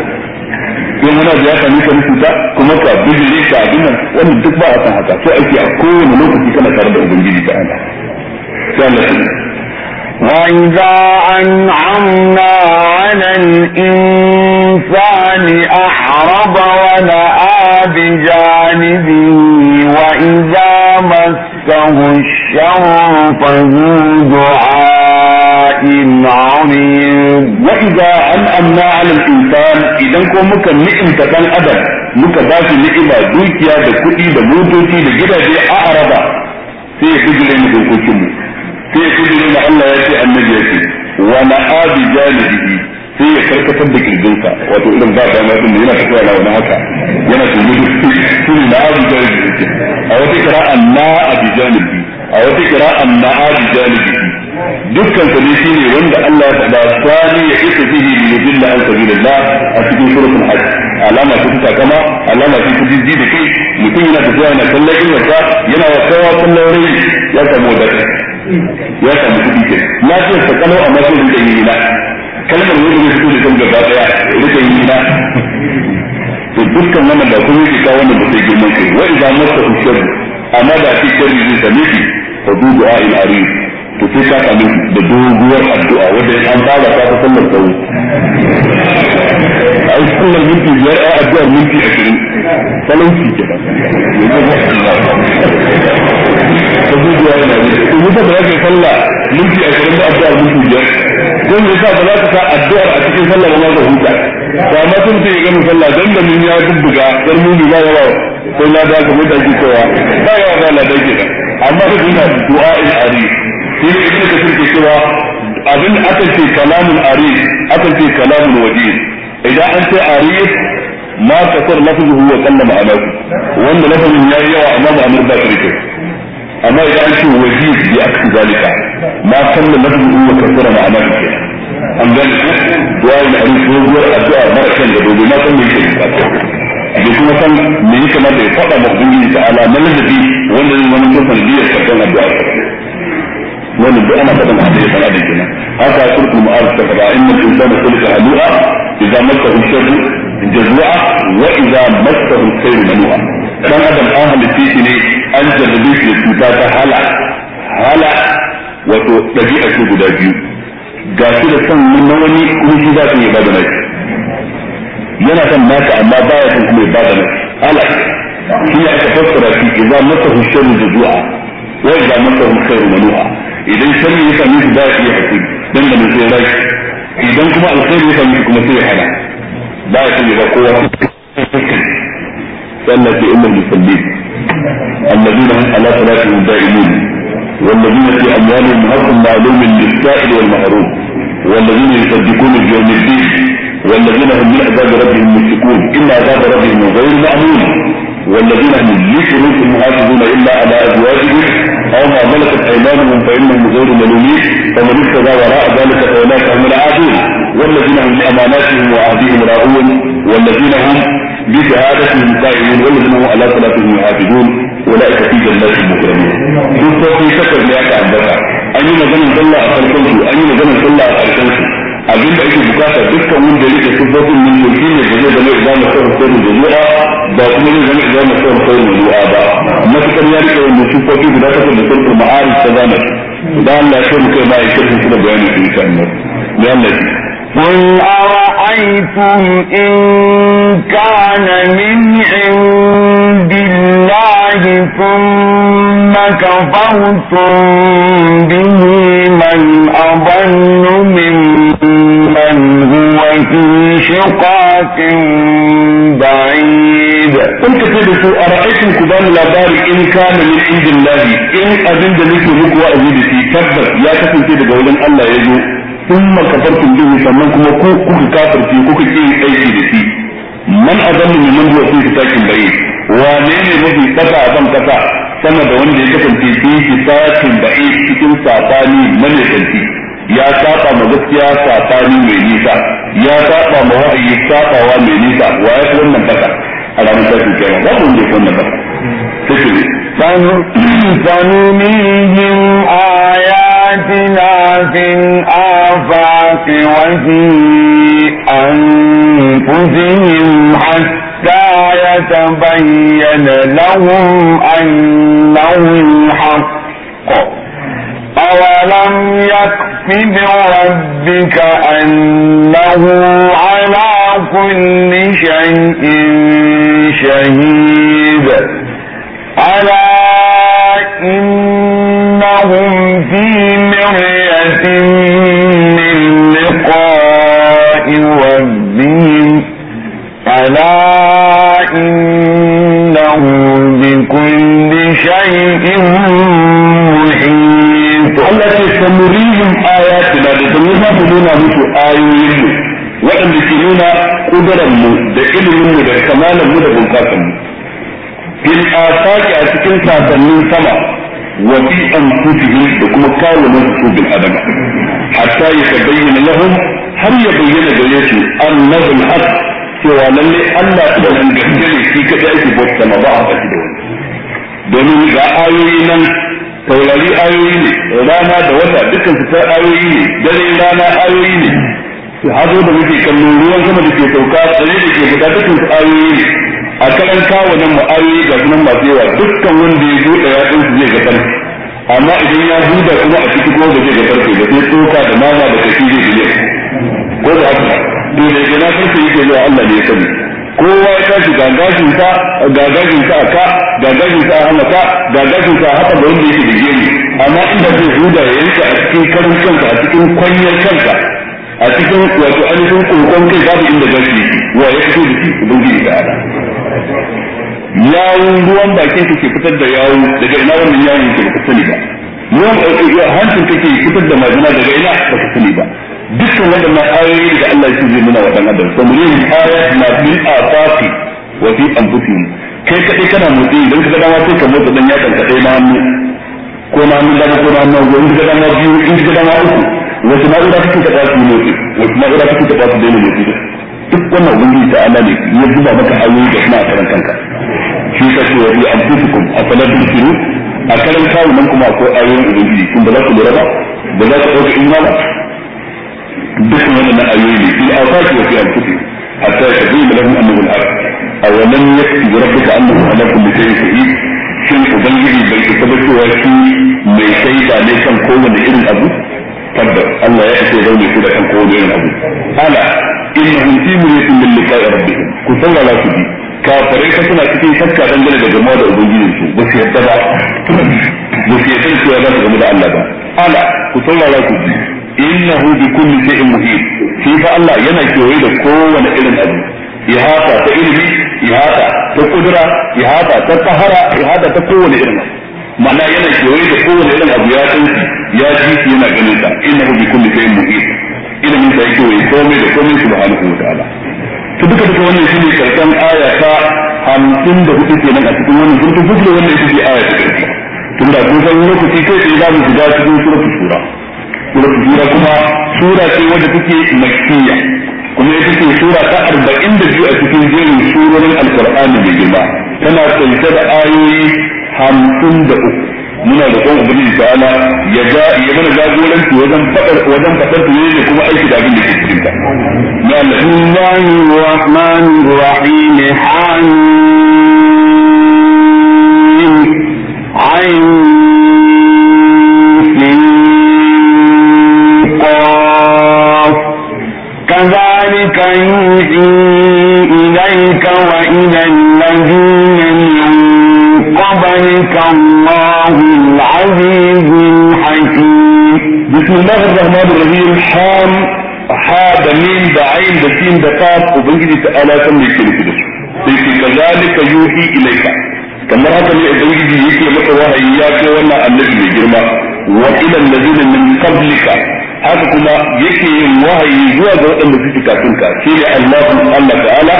in wani abu ya same ka mutu ta kuma ka bijire ka abin nan wannan duk ba a san haka sai ake a kowane lokaci kana tare da ubangiji ta Allah وإذا أنعمنا على الإنسان أعرض ونأى بجانبه وإذا مسه الشر فذو دعاء عريض وإذا أنعمنا على الإنسان إذا كن مكا نعم تكن أبدا مكا باش نعمة دوكيا دا كئي دا موتوكي دا جدا دي أعرض سيحجل مكا كتمو sai ya kudu na Allah ya ce annabi ya ce wa na abi janibihi sai ya karkatar da kirjinsa wato irin ba da mai yana tafiya na wani haka yana tunani shi na abi janibihi a wata kira'a na abi janibihi a wata kira'a na abi janibihi dukkan sa ne wanda Allah ya faɗa sani ya isa bihi li yudilla an sabilillah a cikin suratul hajj alama ce ta kama alama ce ta jiji da kai mutum yana tafiya na kallon inuwarsa yana wa kowa kallon rai ya samu wadata ya samu kuɗi ke na ce sa kano a masu rikon yi na kalmar wani ne su da kan gaba daya rikon yi na to dukkan nama da kuma yake kawo wannan da sai girman kai wa idan masa ushur amma da shi sharri zai same shi ta dubu a in ari to sai ka samu da doguwar addu'a wanda an fara ta fi sallar sau a sallar minti biyar a addu'a minti ashirin talauci ke nan ta zuciya yana ne in yi ba za sallah minti ashirin da addu'a minti biyar don yi sa sa addu'ar a cikin sallah ba ka huta ba ma tun sai sallah dan da ya dubbuga dan mun ba yawa sai na da ka mutaki cewa ba yawa ba na dake amma da ina du'a in ari shi ne ibnu kasir cewa abin da aka ce kalamun ari aka ce kalamun wajib idan an ce arif ma kasar lafzuhu wa qalla ma'anahu wanda lafzin yayi yawa amma ma'anar ba shi ne amma idan an ce wajib bi aksi zalika ma kalla lafzuhu wa kasara ma'anahu kenan an gane ko du'a da arif ko zuwa addu'a mara kan da dogo ma san me yake da kuma san me yake kamar da ya faɗa ma ubangiji ta'ala na ladabi wanda zai zama kusan biyar karɓar addu'a wannan duk ana faɗin abin da kana da kina haka turkul ma'arif ta faɗa inna al-insana khuliqa halu'a idza massahu sharru jazua wa idza massahu khairu manu'a dan adam an halitta shi ne an jarrabe shi cuta ta hala hala wato dabi'a ce guda biyu ga shi da san na wani kuma shi za su yi ba da nai yana son naka amma baya son kuma ya ba da nai hala shi ya aka fassara shi idza massahu sharru jazua ويجعل مصدر الخير ممنوعا اذا سمي يسال مثل ذلك يا حكيم دم من سيرك اذا كما الخير يسال مثل كما سيرك انا ذلك اذا قوة سنة في ام المسلمين الذين هم على صلاتهم الدائمين والذين في اموالهم هم معلوم للسائل والمحروم والذين يصدقون بيوم الدين والذين هم من عذاب ربهم مشركون ان عذاب ربهم غير معلوم والذين هم لشروطهم محافظون الا على ازواجهم او ما ملكت ايمانهم فانهم غير ملومين فمن ابتدى وراء ذلك فاولئك هم العادون والذين هم لاماناتهم وعهدهم راؤون والذين هم بشهادتهم قائمون والذين هم على صلاتهم يحافظون اولئك في جنات المكرمين. دكتور في شكر لك عبدك. اين مجنون صلى على الكرسي، أي مجنون صلى على الكرسي اين مجنون صلي علي الكرسي abin da ake bukata dukkan wanda yake sifofin nan ne da zai zama ba kuma zai zama idan mutum sai mu du'a ba matukar ya rike wanda sifofi guda takwas da sun kuma ari ta zama da Allah sai kai ba ya su da bayani su insha Allah ya Allah قل أرأيتم إن كان من عند الله ثم كفرتم به من أضل من من هو في شقاق بعيد قلت كده سوء أرأيتم كبان الأبار إن كان من عند الله إن أبن دليك مكوى أبيد في تبت يا تكن كده قولا الله يجو ثم كفرتم به سمنكم وكو كوك كافر في كوك كيه أيدي لفي من أظن من هو في شقاق بعيد ومن الذي تسع أظن تسع sama da wanda ya kasance fi kitabin ba'id cikin sabani mai kanti ya saba ma gaskiya sabani mai nisa ya saba ma wa'ayi sabawa mai nisa wa ya fi nan baka a ranar tashin kiyama babu wanda ya fi wannan baka فنريهم آياتنا في an وفي أنفسهم ya يتبين lahum أنه الحق أولم يكف بربك أنه على كل شيء شهيد ألا إنهم في مرية من لقاء ربهم ألا إنه بكل شيء Allah ce samurihim ayatina da sanu za mu nuna musu ayoyin mu waɗanda ke nuna kudaran mu da ilimin mu da kamalan mu da bunƙasan mu fil asaki a cikin sasannin sama wa fi anfusihim da kuma kawo musu su bil adama hatta yatabayyana lahum har ya bayyana gare su annahu haq cewa lalle Allah da gaske ne shi kadai ake bauta ma ba a da wani domin ga ayoyi nan taurari ayoyi ne rana da wata dukkan su ayoyi ne dare rana ayoyi ne su hazo da muke kallon ruwan sama da ke sauka tsare da ke fita dukkan su ayoyi ne a karan kawo mu ayoyi ga sunan masu yawa dukkan wanda ya buɗe ya ɗin zai ga farko amma idan ya buɗe kuma a cikin kuma ba zai ga farko da sai tsoka da nama da kashi zai ko da haka dole da na farko yake zuwa Allah ne ya sani kowa ya tashi gagajin gashin gagajin ga gashin sa ka ga gashin sa hana ka gagajin gashin haka da wanda yake dige ni amma inda zai huda ya yanka a cikin karin kanka a cikin kwanyar kanka a cikin wato ainihin kokon kai babu inda gashi wa ya fito da shi ubangiji da ala yawun ruwan bakin ka ke fitar da yawu daga ina wannan yawun ke ba ka sani ba ruwan eh, eh, eh, hancin ka ke fitar da majina daga ina ba ka sani ba dukkan waɗannan ayoyi da Allah ya zai nuna wa dan adam to mun yi ayat na bi afati wa fi anfusihim kai kadai kana motsi idan ka dama sai ka motsa dan yakan ka dai na mu ko na hannu da ko na hannu ko in ka dama biyu in ka dama uku wasu na'ura kake ta kwasu motsi wasu na'ura kike da su daina motsi duk wannan ubangiji ta Allah ne ya duba maka ayoyi da kuma a karan kanka shi ka ce wa bi anfusikum afala tusiru a karan kawo nan kuma akwai ayoyin ubangiji kun ba za ku lura ba ba za ku ɗauka imana ba dukkan wannan ayoyi ne fi awqati wa fi anfusihim hatta yashhadu lahum annahu al-haq aw lam yakfi rabbuka annahu ala kulli shay'in shahid shin ubangiji bai isa ba cewa shi mai shaida ne kan kowane irin abu tabbas Allah ya ce zaune shi da kan kowane irin abu ala innahum fi muryatin min liqa'i rabbihim ku saurara su bi kafirai ka suna cikin shakka dangane da gama da ubangijin su ba su yadda ba ba su yadda cewa za su gamu da Allah ba ala ku saurara su bi innahu bi kulli shay'in muhit shi fa Allah yana kewaye da kowane irin abu ihata ta ilimi ihata ta kudura ihata ta tahara ihata ta kowane irin abu ma'ana yana kewaye da kowane irin abu ya dauki ya ji shi yana ganin sa innahu bi kulli shay'in muhit ilimin sa yake waye komai da komai subhanahu wa ta'ala to duka duka wannan shine karshen aya ta 54 kenan a cikin wannan surta duk da wannan ita ce aya ta karshe tunda kun san lokaci kai sai za mu shiga cikin suratul shura suratul jura kuma sura ce wadda take makkiya kuma ita ce sura ta arba'in da biyu a cikin jerin surorin alkur'ani mai girma tana tsaye da ayoyi hamsin da uku muna da kan ubangiji ta'ala ya ga ya mana jagoranci wajen fadar wajen fadar ne da kuma aiki da abin da ke cikin ta ya lillahi rahmani rahim hamim ayin يوحي إليك وإلى الذين من قبلك الله العزيز الحكيم بسم الله الرحمن الرحيم حام حا da mim da ain da sin da kaf ubangiji ta ala san me ke nufi da su sai ke kazalika yuhi ilaika kamar haka ne ubangiji yake maka wahayi ya ce wannan annabi mai girma wa ila allazina min qablika haka kuma yake yin wahayi zuwa ga waɗanda suke kafin ka shi ne Allahu Allah ta'ala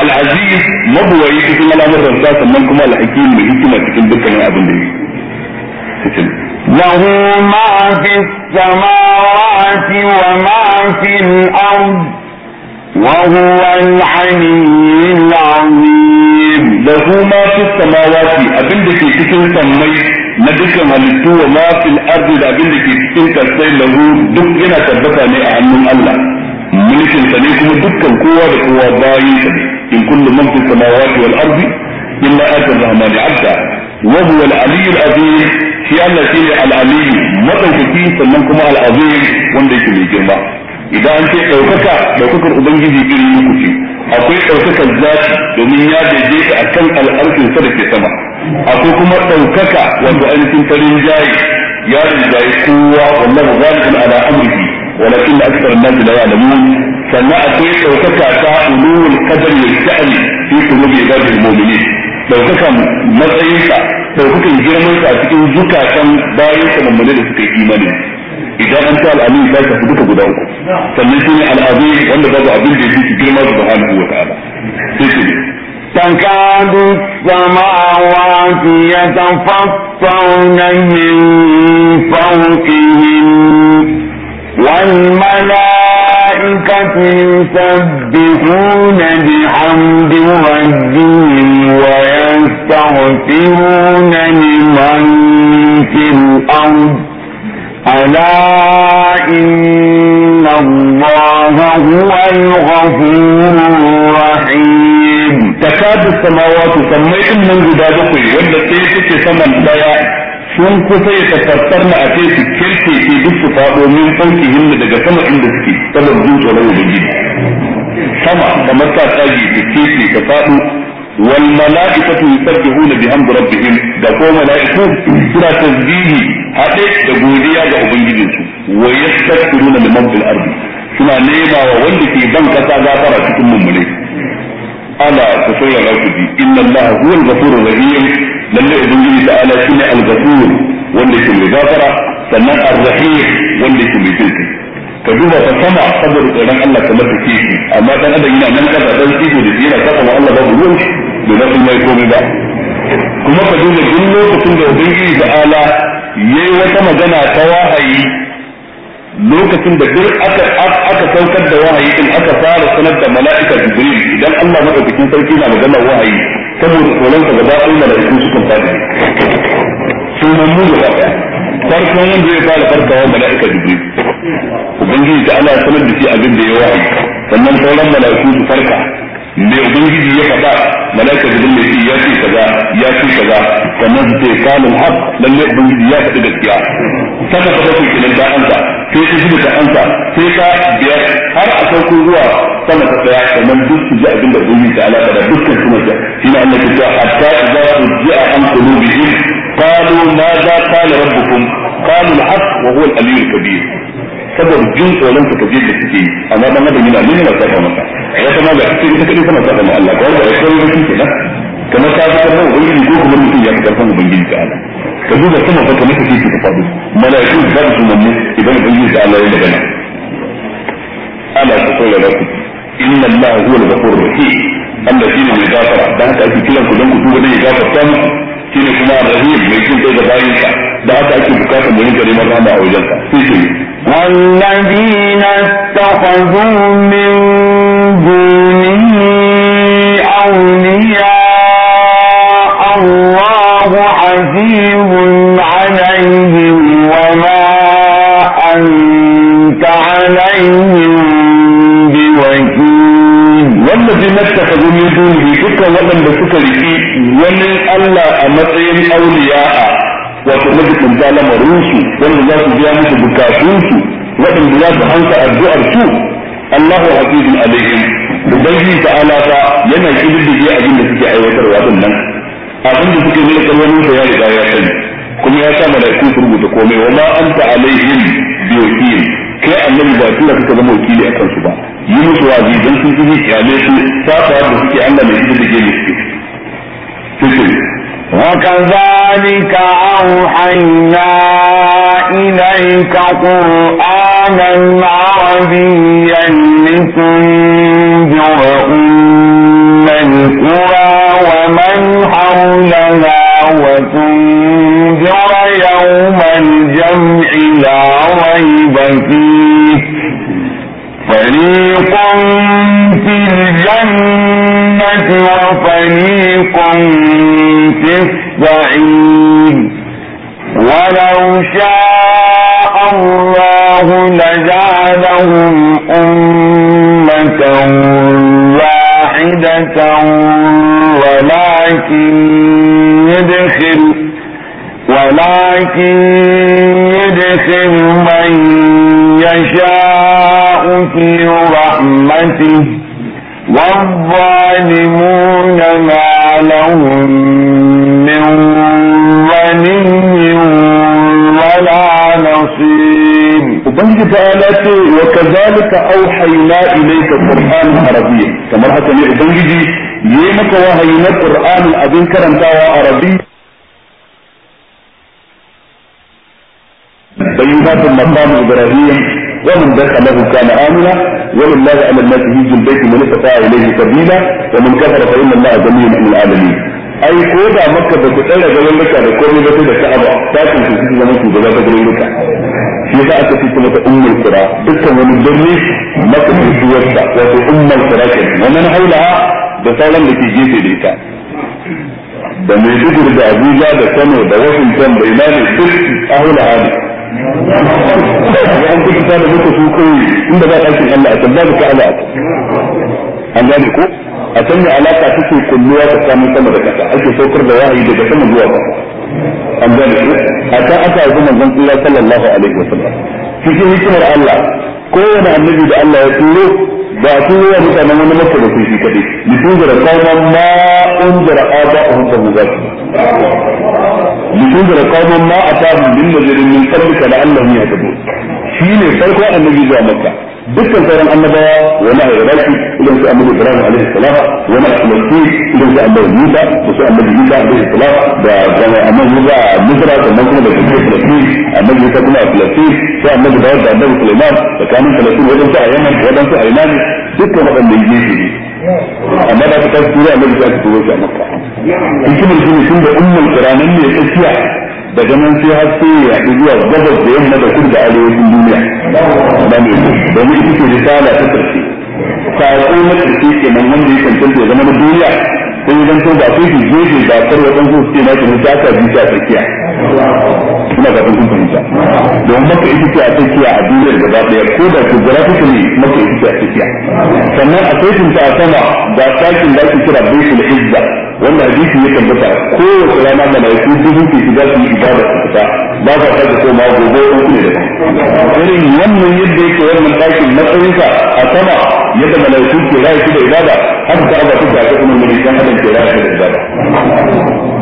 al-aziz mabuwayi cikin al'amuran sa sannan kuma al-hakim mai hikima cikin dukkanin abin da yake له ما في السماوات وما في الأرض وهو العلي العظيم له ما في السماوات أبن في سمي na dukkan halittu wa ma fil ardi da abin da ke cikin kasai lahu duk yana tabbata ne a hannun Allah mulkin sa ne kuma dukkan kowa da kowa bayin sa ne in kullu man fis samawati wal ardi illa ata rahman abda wa huwa al aliy al azim shi Allah shine al aliy madaukaki sannan kuma al azim wanda yake mai girma idan an ce ɗaukaka ɗaukakar ubangiji iri uku ce akwai ɗaukakar zafi domin ya daidaita a kan al'arfinsa da ke sama akwai kuma ɗaukaka wanda ainihin farin jari ya rinjaye kowa wallahu zalikun ala amrihi walakin da akthar an-nas la ya'lamun sannan akwai ɗaukaka ta ulul kadar wa sha'ni fi qulubi ibadil mu'minin ɗaukakan matsayinsa ɗaukakan girmansa a cikin zukatan bayan sa mummune da suka yi imani idan an ta al'amin ta shafi duka guda uku sannan shi ne al'azim wanda babu abin da yake girma subhanahu wa ta'ala sai shi تكاد السماوات يتفطرن من فوقهم والملائكة يسبحون بحمد ربهم ويستغفرون لمن في الأرض ألا إن الله هو الغفور الرحيم تكاد السماوات سميت من جدادك ولا تيسك سمن بيان sun kusa ya tafasar na a ce su kirke ke duk su faɗo min sauki hinna daga sama inda suke saboda jin tsoron ubangiji sama da ta tsagi da kirke ta faɗo wal mala'ikatu yusabbihuna bihamdi rabbihim da ko mala'iku suna tasbihi hade da godiya ga ubangijinsu wa yastaghfiruna liman fil ardi suna nema wa wanda ke ban kasa gafara cikin mummune ala ku saurara ku ji inna allaha huwa al-ghafurur lalle ubangiji ta'ala shine al-ghafur wanda ke mai gafara sannan ar-rahim wanda ke mai jinkai ka duba ta sama saboda tsoron Allah kamar da kishi amma dan adam yana nan kasa dan kishi da yana kasa wa Allah babu ruwan da na su yi komai ba kuma ka duba duk lokacin da ubangiji da ala yayi wata magana ta wahayi lokacin da duk aka aka saukar da wahayi din aka fara sanar da mala'ika jibril idan Allah madaukakin sarki na magana wahayi saboda tsoron ka gaba Allah da su suka fadi sunan mu gaba farkon wanda zai fara farkawa mala'ika jibril ubangiji ta ala sanar da shi abin da ya wahayi sannan sauran mala'iku su farka mai ubangiji ya faɗa mala'ika jibril ne ya ce kaza ya ce kaza sannan su ce kalin haq lalle ubangiji ya faɗi gaskiya saka ka farko kenan ta ansa sai ka shi ta ansa sai ka biyar har a sauko zuwa sama ta tsaya sannan duk su ji abin da ubangiji ta ala faɗa dukkan su ne shi ne Allah ya ce hatta idza ujiya an qulubihim قالوا ماذا قال ربكم قالوا الحق وهو العلي الكبير saboda jin tsoron ka kaje da suke amma dan adam yana nuna masa ka masa ya kuma ga cikin ita kadai kana saka Allah ko da kai da kike da kamar ka fitar da ubangiji ko kuma mutum ya fitar da ubangiji ta Allah ka duba sama fa kamar kake ka fadu mala'iku da su mamu idan yi ta Allah ya magana ana ta tsora da ku inna Allah huwa al-ghafurur rahim Allah shine mai gafara dan haka ake kiran ku dan ku duba dan ya gafarta muku shine kuma rahim mai jin da da haka ake bukatar mu rinka neman a wajen sai ce والذين اتخذوا من دونه أولياء الله عزيز عليهم وما أنت عليهم بوكيل والذين اتخذوا من دونه فكرة ولم تكن wani Allah a matsayin a wato na jikin zalamarinsu wanda za su biya musu bukatun waɗanda za su hanka addu'ar su Allahu hafizin alaihim ubangiji ta alaka yana kididdige abin da suke aiwatarwa din nan abin da suke nuna kalmomin sa ya riga ya sani kuma ya sa malaiku su rubuta komai wa ma anta alaihim bi wakil kai annabi ba tunda suka zama wakili a kansu ba yi musu wazi dan sun ne kyale su safa da suke Allah mai kididdige ne suke وكذلك أوحينا إليك قرآنا عربيا لتنذر أم القرى ومن حولها وتنذر يوم الجمع لا ريب فيه فريق في الجنة الجنة وفريق في السعيد ولو شاء الله لجعلهم أمة واحدة ولكن يدخل ولكن يدخل من يشاء في رحمته والظالمون ما لهم wani ولي ولا نصير ubangiji ta ala ce wa kazalika auhayna ilayka qur'an arabiyya kamar haka ne ubangiji yi maka wahayi na qur'an abin karantawa arabi bayyana ta mabba ibrahim ومن دخله كان آمنا ولله على الناس يجي البيت من استطاع إليه سبيلا ومن كفر فإن الله جميع من العالمين أي كودا مكة بكتيرة جميع لك بكل مكة بكتابة تاكم في سيدنا مكة بكتابة جميع لك في ذاك في سنة أم القرى بكتا من الدنيا مكة بكتابة وفي أم القرى ومن حولها بسالة التي جيت إليك da mai duk da abuja da kano da washington bai na ne duk ahula hali ya an kuka da muku su kai inda ba ɗakin Allah a can babu ka Allah a can an gane ko a can ne alaka take kulluwa tsakanin sama da kasa ake saukar da wahayi daga sama zuwa kasa an gane ko a ta aka yi manzon Allah sallallahu alaihi wasallam cikin hikimar Allah kowane annabi da Allah ya turo ba a turo wa mutanen wani makka da su shi kadai litunzira qauman ma a aba'uhum fa hum zakirun litunzira qauman ma atahum min nadirin min qablika la'allahum yahtadun shine farko annabi zuwa makka dukkan sauran annabawa wani a iraki idan su annabi ibrahim alaihi salam wani idan su annabi musa da su annabi isa alaihi salam da zama annabi musa a da sannan kuma da kuma kulanci annabi musa kuma a sai annabi dawud da annabi suleiman tsakanin a wa wadansu a yamani dukkan waɗanda yi ne amma da ta tafi a annabi za su turo shi a makka shi ne tun da ummul qur'anin ne ya tsakiya daga nan sai har sai ya yaɗu zuwa gabas da yamma da kudu da arewacin duniya ba ne domin ita ce risala ta ƙarshe saƙo na ƙarshe ke nan wanda ya cancanta ya zama na duniya sai zan to ba su shi gefe ba kar wa ɗansu su ce na kuma ta ta bisa tsakiya ina ga ɗansu fahimta don maka ita ce a tsakiya a duniyar gaba ɗaya ko da ku gara ne maka ita ce a tsakiya sannan a saitin ta a sama ga sakin da ake kira baitul izza wanda hadisi ya tabbata kowace rana da malaiku dubu ke shiga su yi ibada su fita ba ka ko ma gobe ko kuma da irin wannan yadda yake wannan ɗakin matsayinsa a sama yadda su ke rayu shi da ibada har da aka fita ta kuma mulki kan hadin ke rayu shi da ibada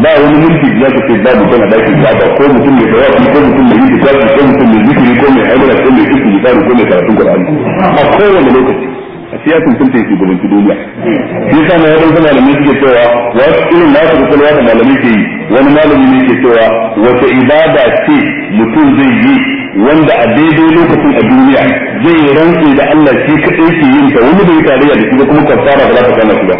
ba wani mulki da ka ce babu kana ɗakin da ko mutum mai tawafi ko mutum mai yi ko mutum mai zikiri ko mai haila ko mai kiki ko mai karatun Qur'ani a kowane lokaci shi ya tuntunta yake gudun duniya shi sa na yadda malamai suke cewa wasu irin na su kusurwa da malamai ke yi wani malami ne ke cewa wata ibada ce mutum zai yi wanda a daidai lokacin a duniya zai yi rantsi da Allah shi kaɗai ke yin ta wani bai tarayya da shi ba kuma kafara ba za ta kama shi ba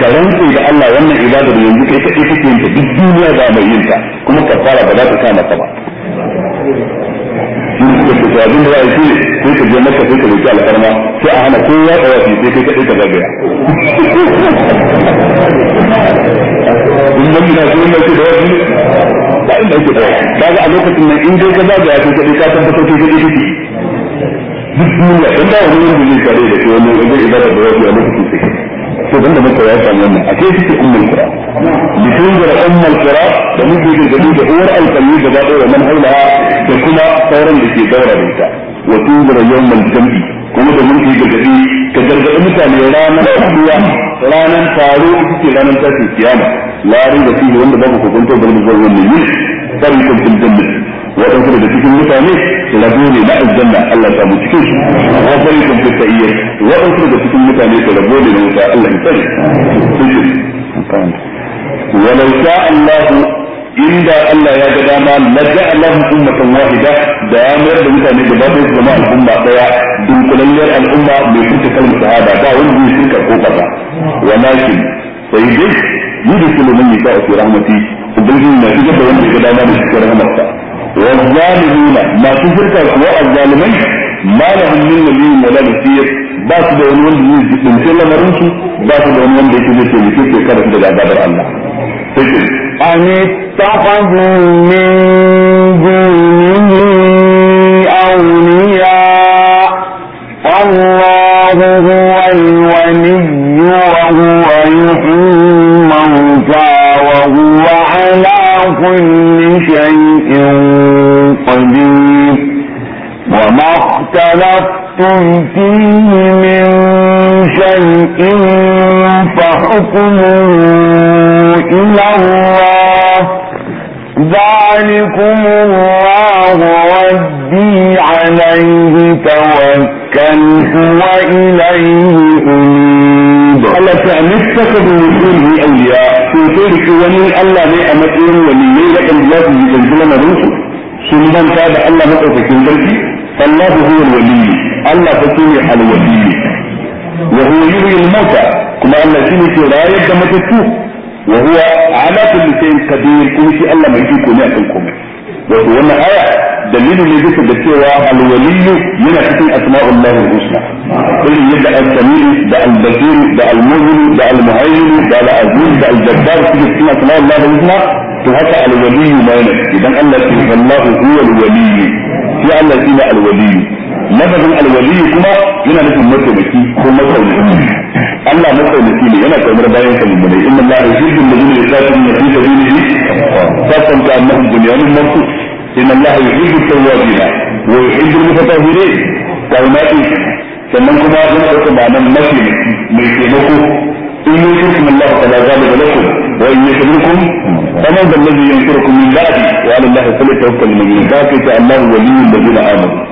ka rantsi da Allah wannan da yanzu kai kaɗai kake yin ta duk duniya ba mai yin ta kuma kafara ba za ta kama ka ba shi ne suka ce abin da za a yi sai ka je maka sai ka alfarma sai a hana kowa da wafi sai kai kaɗai ka zagaya in nan na so ne da wafi ba inda ake da wafi kaga a lokacin nan in dai ka zagaya sai kaɗai ka kai kaɗai duk duniya ba wani zai kare da kai wani wajen ibada da wafi a lokacin sai to banda maka ya samu wannan a kai suke ummul qura litunzir ummul qura da muke da gani da uwar alqalbi da gaba da man haulaha da kuma sauran da ke daura da ita wa tunzir yawmal jam'i kuma da muke da gani ka gargaɗi mutane ranar kasuwa ranar taro ita ce ranar tashin kiyama la rinda fihi wanda babu hukunta bar mu zarwan ne yi sarikun fil jannati waɗansu daga cikin mutane rabo ne na aljanna Allah ya samu cikin su wa fariqun fi sayyir waɗansu daga cikin mutane rabo ne na wuta Allah ya sani ولو شاء الله inda Allah ya ga dama la ja'alahu ummatan wahida da ya mayar da mutane da ba su zama al'umma daya dunkulalliyar al'umma mai kuka kalmar shahada ba wanda zai shirka ko kaza walakin sai dai yudkhilu man yasha'u fi rahmati ubangiji na shigar da wanda ya ga dama da shi rahmarsa والظالمين ما تفرك هو الظالمين ما لهم من نبي ولا نصير ba su da wani wanda zai ji dinke lamarin su ba su da wani wanda yake zai taimake su kada su daga azabar Allah sai ce an takhadhu min اختلفتم فيه من شيء فحكمه إلى الله ذلكم الله ربي عليه توكلت وإليه أنيب الله تعالى اتخذوا من دونه أولياء في ذلك ولي الله ما أمتهم ولي لك أن لا تجد الظلم رسل سنبان تابع الله مطلقك من فالله هو الولي الله فتوني الولي وهو يري الموتى كما أن فيني في راية دم وهو على كل شيء قدير كل شيء الله ما يجيكم ناكلكم وهو أن آية دليل لذلك بسيرة الولي من أكثر أسماء الله الحسنى قل يبدا السميع دا البصير دا المؤمن دا المهيمن دا العزيز دا الجبار في اسم اسماء الله الحسنى فهذا الولي ما ينبغي اذا الله هو الولي ya Allah shi ne alwali lafazin alwali kuma yana nufin mataimaki ko matsaunaki Allah matsaunaki ne yana kaumar bayan sa mummunai inna Allah yuhibbu alladhina yusafiruna fi sabilihi fasan ka annahum bunyanun marsus inna Allah yuhibbu at-tawwabin wa yuhibbu al-mutatahhirin kaumati sannan kuma yana da ma'anar mataimaki mai taimako in yushrikum Allah fala ghaliba lakum وإن يشركم فمن ذا الذي ينصركم من بعده وعلى الله فليتوكل المؤمنون ذلك الله ولي الذين آمنوا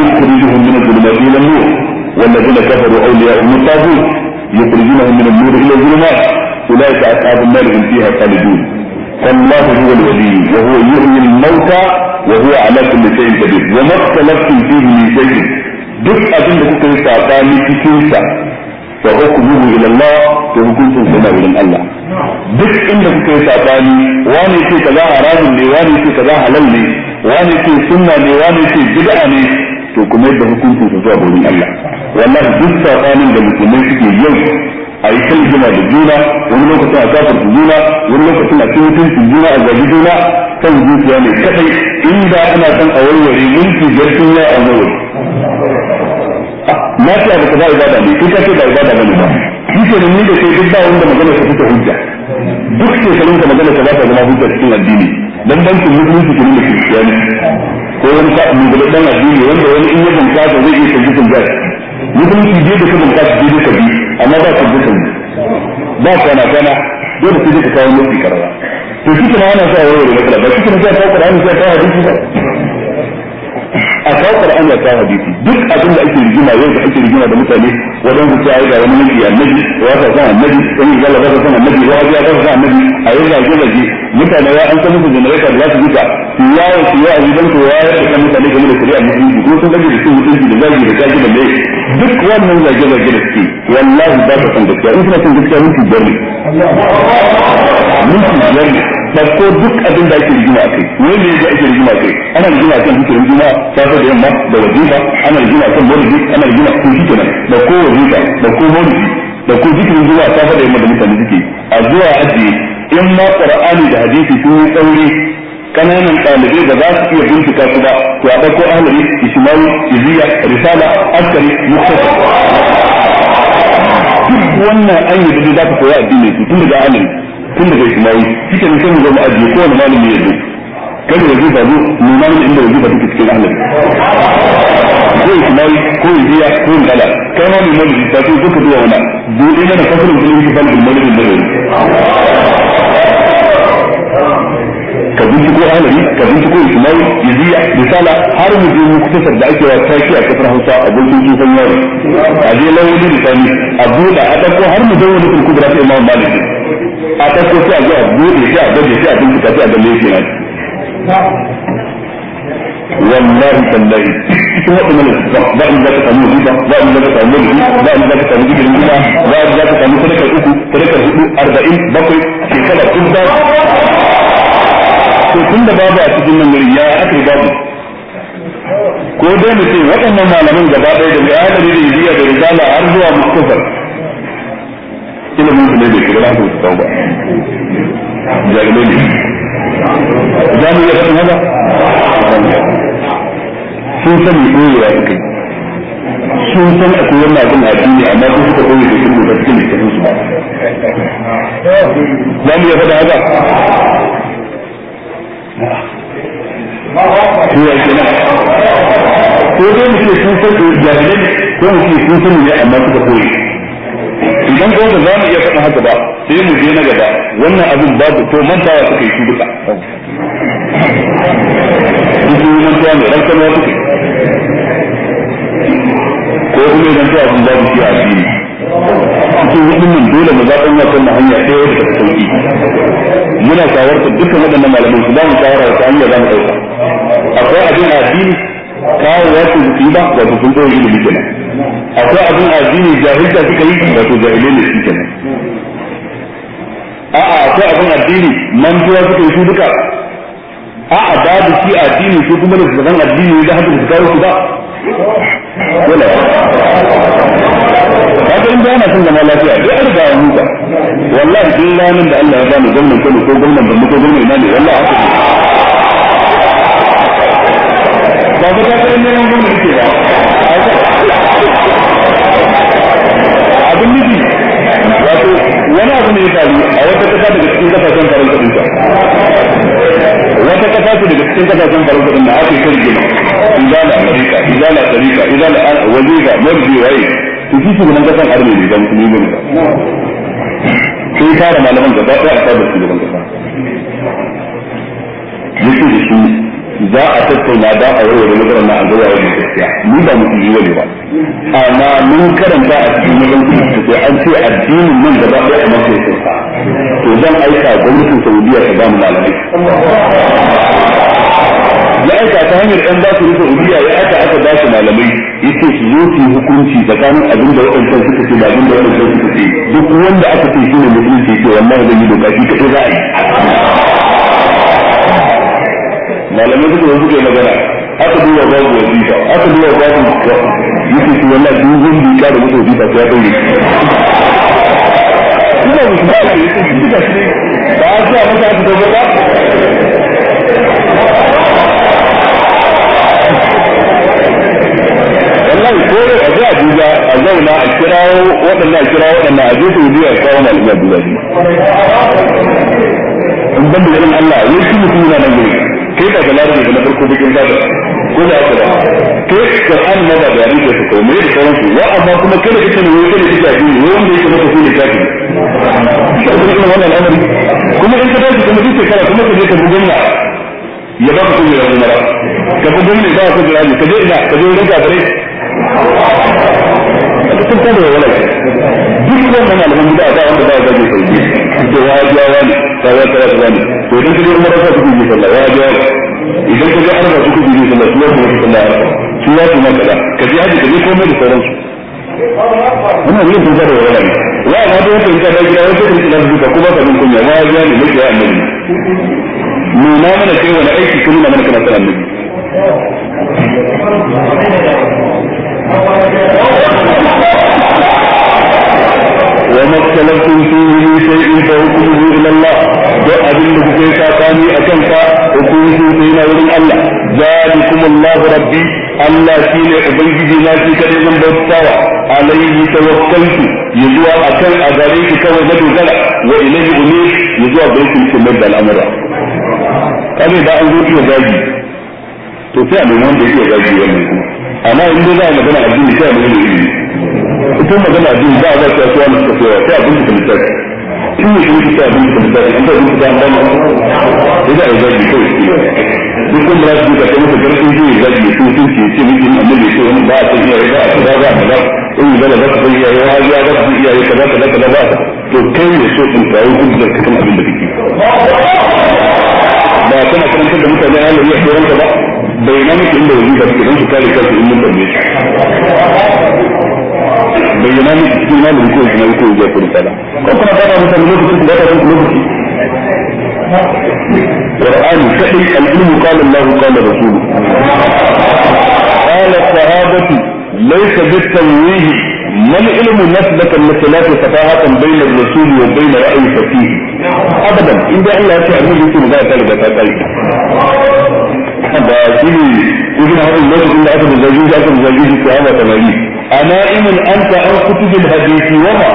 يخرجهم من الظلمات إلى النور والذين كفروا أولياء الطاغوت يخرجونهم من النور إلى الظلمات أولئك أصحاب النار هم فيها خالدون فالله هو الولي وهو يحيي الموتى وهو على كل شيء قدير وما اختلفتم فيه من شيء duk abin da kuka في fa hukmuhu ila Allah to hukuncin sai Allah duk inda kuka yi sabani wani ce kaza haramun ne wani ce kaza halal ne wani ce sunna ne wani ce bid'a ne to kuma yadda hukuncin su zuwa wurin Allah wallahi duk sabanin da musulmai suke yau a yi kan juna da juna wani lokacin a kafar juna wani lokacin a cikin mutuncin juna a gaji juna kan zuciya ne kadai inda ana son a warware mulki garkin ya a warware na ce abu kaza ibada ne kai ka ce ba ibada bane ba shi ke nan ni da kai duk ba wanda magana ta fita hujja duk shekarun da magana ta ba ta zama hujja cikin addini dan bankin musulunci ke nuna kiristiyani ko wani sa'in da dan addini wanda wani in ya bunka ta zai iya tabbacin gas musulunci je da ka bunka ta je da bi amma ba ta tabbacin ba kana kana dole sai ka kawo musu karara to shi ke ana sa yau da matsala ba shi ke nan sai ta hadisi ba a kawo Qur'ani a kawo hadisi duk abin da ake rigima yau da ake rigima da mutane wajen su sai ga wani miji annabi wa ta san annabi wani yalla ba ta san annabi wa ya ta san annabi a yau da gaba ji mutane ya an san musu generator za su duka su yawo su ya yi dan kowa ya ta mutane game da shari'a musulunci ko sun gaji da su mutunci da zagi da kaji da mai duk wannan zage zage da suke wallahi ba ta san gaskiya in suna san gaskiya mutunci biyar ne mutunci biyar ne ɗauko duk abin da ake rigima a kai wanda ya ji ake rigima a kai ana rigima kan hukumin juma safe da yamma da wajiba ana rigima kan maulidi ana rigima ko shi da ko wajiba ɗauko maulidi ɗauko zikirin juma safe da yamma da mutane suke a zuwa ajiye in ma qur'ani da hadisi sun yi tsauri kananan ɗalibai da za su iya bincika su ba to a ɗauko ahlari ismail iziya risala askari muktasar duk wannan an da za ka koya addini su tun daga ahlari tun daga ijma'i kike ne sai mu zama ajiye ko wani malami ya zo kada ya zuba zo mu malami inda wajiba take cikin ahlul ko ijma'i ko ijiya ko ngala kai ma mai malami ta so duka zuwa wani dole mana fasirin kuma yi ban malami da ne ka ko alami ka ko ismai iziya misala har mu je mu kusa da ake wata shi a kasar hausa a gulkin kifin yaro a je lauyoyi da sani a buɗa a ɗauko har mu je wani kulkudura ta imam maliki a farko sai a zo a sai a gaje sai a bincika sai a ga laifi na wallahi tallahi cikin waɗannan littattafan ba in za ka samu riba ba in za samu riba ba in za samu gidan riba ba in za samu sadakar uku sadakar hudu arba'in bakwai shekara kun ba to tun da babu a cikin nan wurin ya aka yi babu ko dai mu waɗannan malaman gaba ɗaya daga ayatari da ibiya da risala har zuwa mustafar ilimin su ne bai shiga haka su ba jami'ai ne za mu iya faɗin haka sun sani ɗoyewa su kai sun san akwai wannan abin addini amma sun suka ɗoye da shirin da cikin littafin su ba za mu iya faɗin haka ko ya kenan ko dai mu ce sun san jami'ai ko mu ce sun sani ne amma suka ɗoye idan ko ba za mu iya faɗa haka ba sai mu je na gaba wannan abin ba to mantawa suka yi su duka yi mantawa ne ko kuma idan ta abin shi a addini su hudun nan dole mu zaɓen ya hanya ɗaya da ta muna shawarta dukkan waɗannan malamai su ba mu shawara hanya za mu ɗauka akwai abin a kawo ba sun ɗaya ilimi kenan akwai abin addini jahilta suka yi wato jahile ne su kenan a'a akwai abin addini mantuwa suka yi su duka a'a babu shi addini su kuma da zaman addini da haka su kawo su ba dole ba ta inda yana son zama lafiya dai an ga mu ba wallahi duk ranar da Allah ya bani gwamnan kano ko gwamnan mu ko gwamnan ina ne wallahi haka ne ba ba ta kai neman gwamnan ke ba abin nufi wato wani abu ne ya faru a wata kasa daga cikin kasashen farin kudin ta wata kasa ce daga cikin kasashen farin kudin da aka kan gina izala marika izala tarika izala wazifa marji waye to shi shugaban kasan arme ne ga musulmi ne sai tara malaman gaba ɗaya a sabar shugaban kasa yake da shi za a tattauna da a warware matsalar na a zuwa wajen gaskiya ni ba musulmi wani ba amma mun karanta a cikin yankin da an ce addinin nan gaba ɗaya a mafi sosai. to zan aika gwamnatin saudiya ta ba mu malamai ya aika ta hanyar ɗan ba su rufe ubiya ya aka aka ba su malamai yace su zo su hukunci tsakanin abin da waɗansu suka ce da abin da waɗansu suka ce duk wanda aka ce shi ne ke ce wannan zan yi doka shi kaɗai za a yi malamai suka zo suka yi magana aka duba babu wazifa aka duba babu yake shi wannan duk zumbi ka da mutu wazifa ta dole ina mutu ba ka yi kuka shi ba a zuwa mata aka dogo ba wallahi ko da a zuwa Abuja a zauna a kirawo waɗannan a kirawo waɗannan a jefa wajiya a kawo malamai Abuja ne in ban da irin Allah wai shi mutum yana nan gari kai ka ga larabar da na farko bikin babar ko da haka ba kai Qur'an ma ba da yake su kai mai sauran su wa amma kuma kada kake ne wai kada kake ji wanda yake maka kuma kake kuma wannan al'amari kuma in ka dace kuma duk shekara kuma ka je ka bugunna ya ba ka kuma yawan mara ka bugunna ba ka jira ni ka je ina ka je wurin kafare ka tunta da wala ce duk wannan al'amari da ba wanda ba ya gaje sai da wajiyawa ne ta wata wata ne to idan ka je umara ka kuma yi sallah wajiyawa idan ka ga arba suka biyu sallah su wasu wasu sallah arba su ya su maka da ka ji haji ka je komai da sauransu wannan zai tunta da wani wa ma da wata ita da gida wata ita da duka kuma ka kunya ma ya ne mai ya annabi nuna mana kai wani aiki kun nuna mana kana san annabi وما اختلفتم فيه من شيء فحكمه الى الله وابن بكيت اقامي اكلت hukunci sai na wurin Allah zalikumullahu rabbi Allah shi ne ubangiji na shi kadai zan bautawa alayhi tawakkaltu yazuwa a gare shi kawai na dogara wa ilayhi umir yazuwa gare shi mutum da al'amura kame da an zo iya zagi to sai a nemi wanda iya zagi wannan amma in dai za a magana za a ta sai a tun shi shi ta bin da duk su ba ta iya da ba ba da da ba kai ne bayyana miki cikin imanin ko ina yake ya kuri kada ko kuma kada mutane lokacin da kada lokaci قرآن صحيح العلم قال الله قال رسوله قال الصحابة ليس بالتمويه ما العلم نسبة لا فتاحة بين الرسول وبين رأي فقيه أبدا إن ده الله تعبير يكون ذا ذلك ذلك هذا شيء يجب أن هذا الناس إلا أكبر زوجين أكبر زوجين في هذا تمارين أنائم أنت عن كتب الحديث وما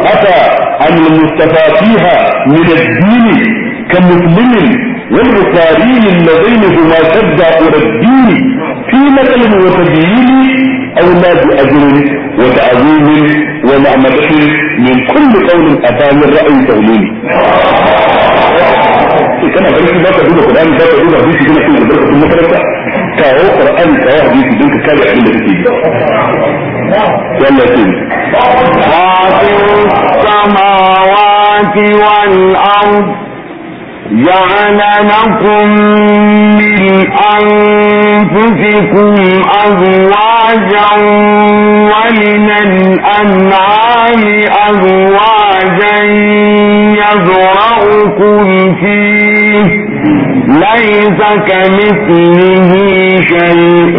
أتى عن المصطفى فيها من الدين كمسلم والبخاري اللذين هما الى الدين في مثل وتبيين لا بأجر وتعظيم ونعمة من كل قول أتى من رأي تولي. ce kana barci za ka duba Qur'ani za ka duba hadisi kana kin da kuma makaranta kawo Qur'ani kawo hadisi don ka kare abin da kake yi Allah ce samawati wal ard جعل لكم من أنفسكم أزواجا ومن الأنعام أزواجا مرجا يزرعكم فيه ليس كمثله شيء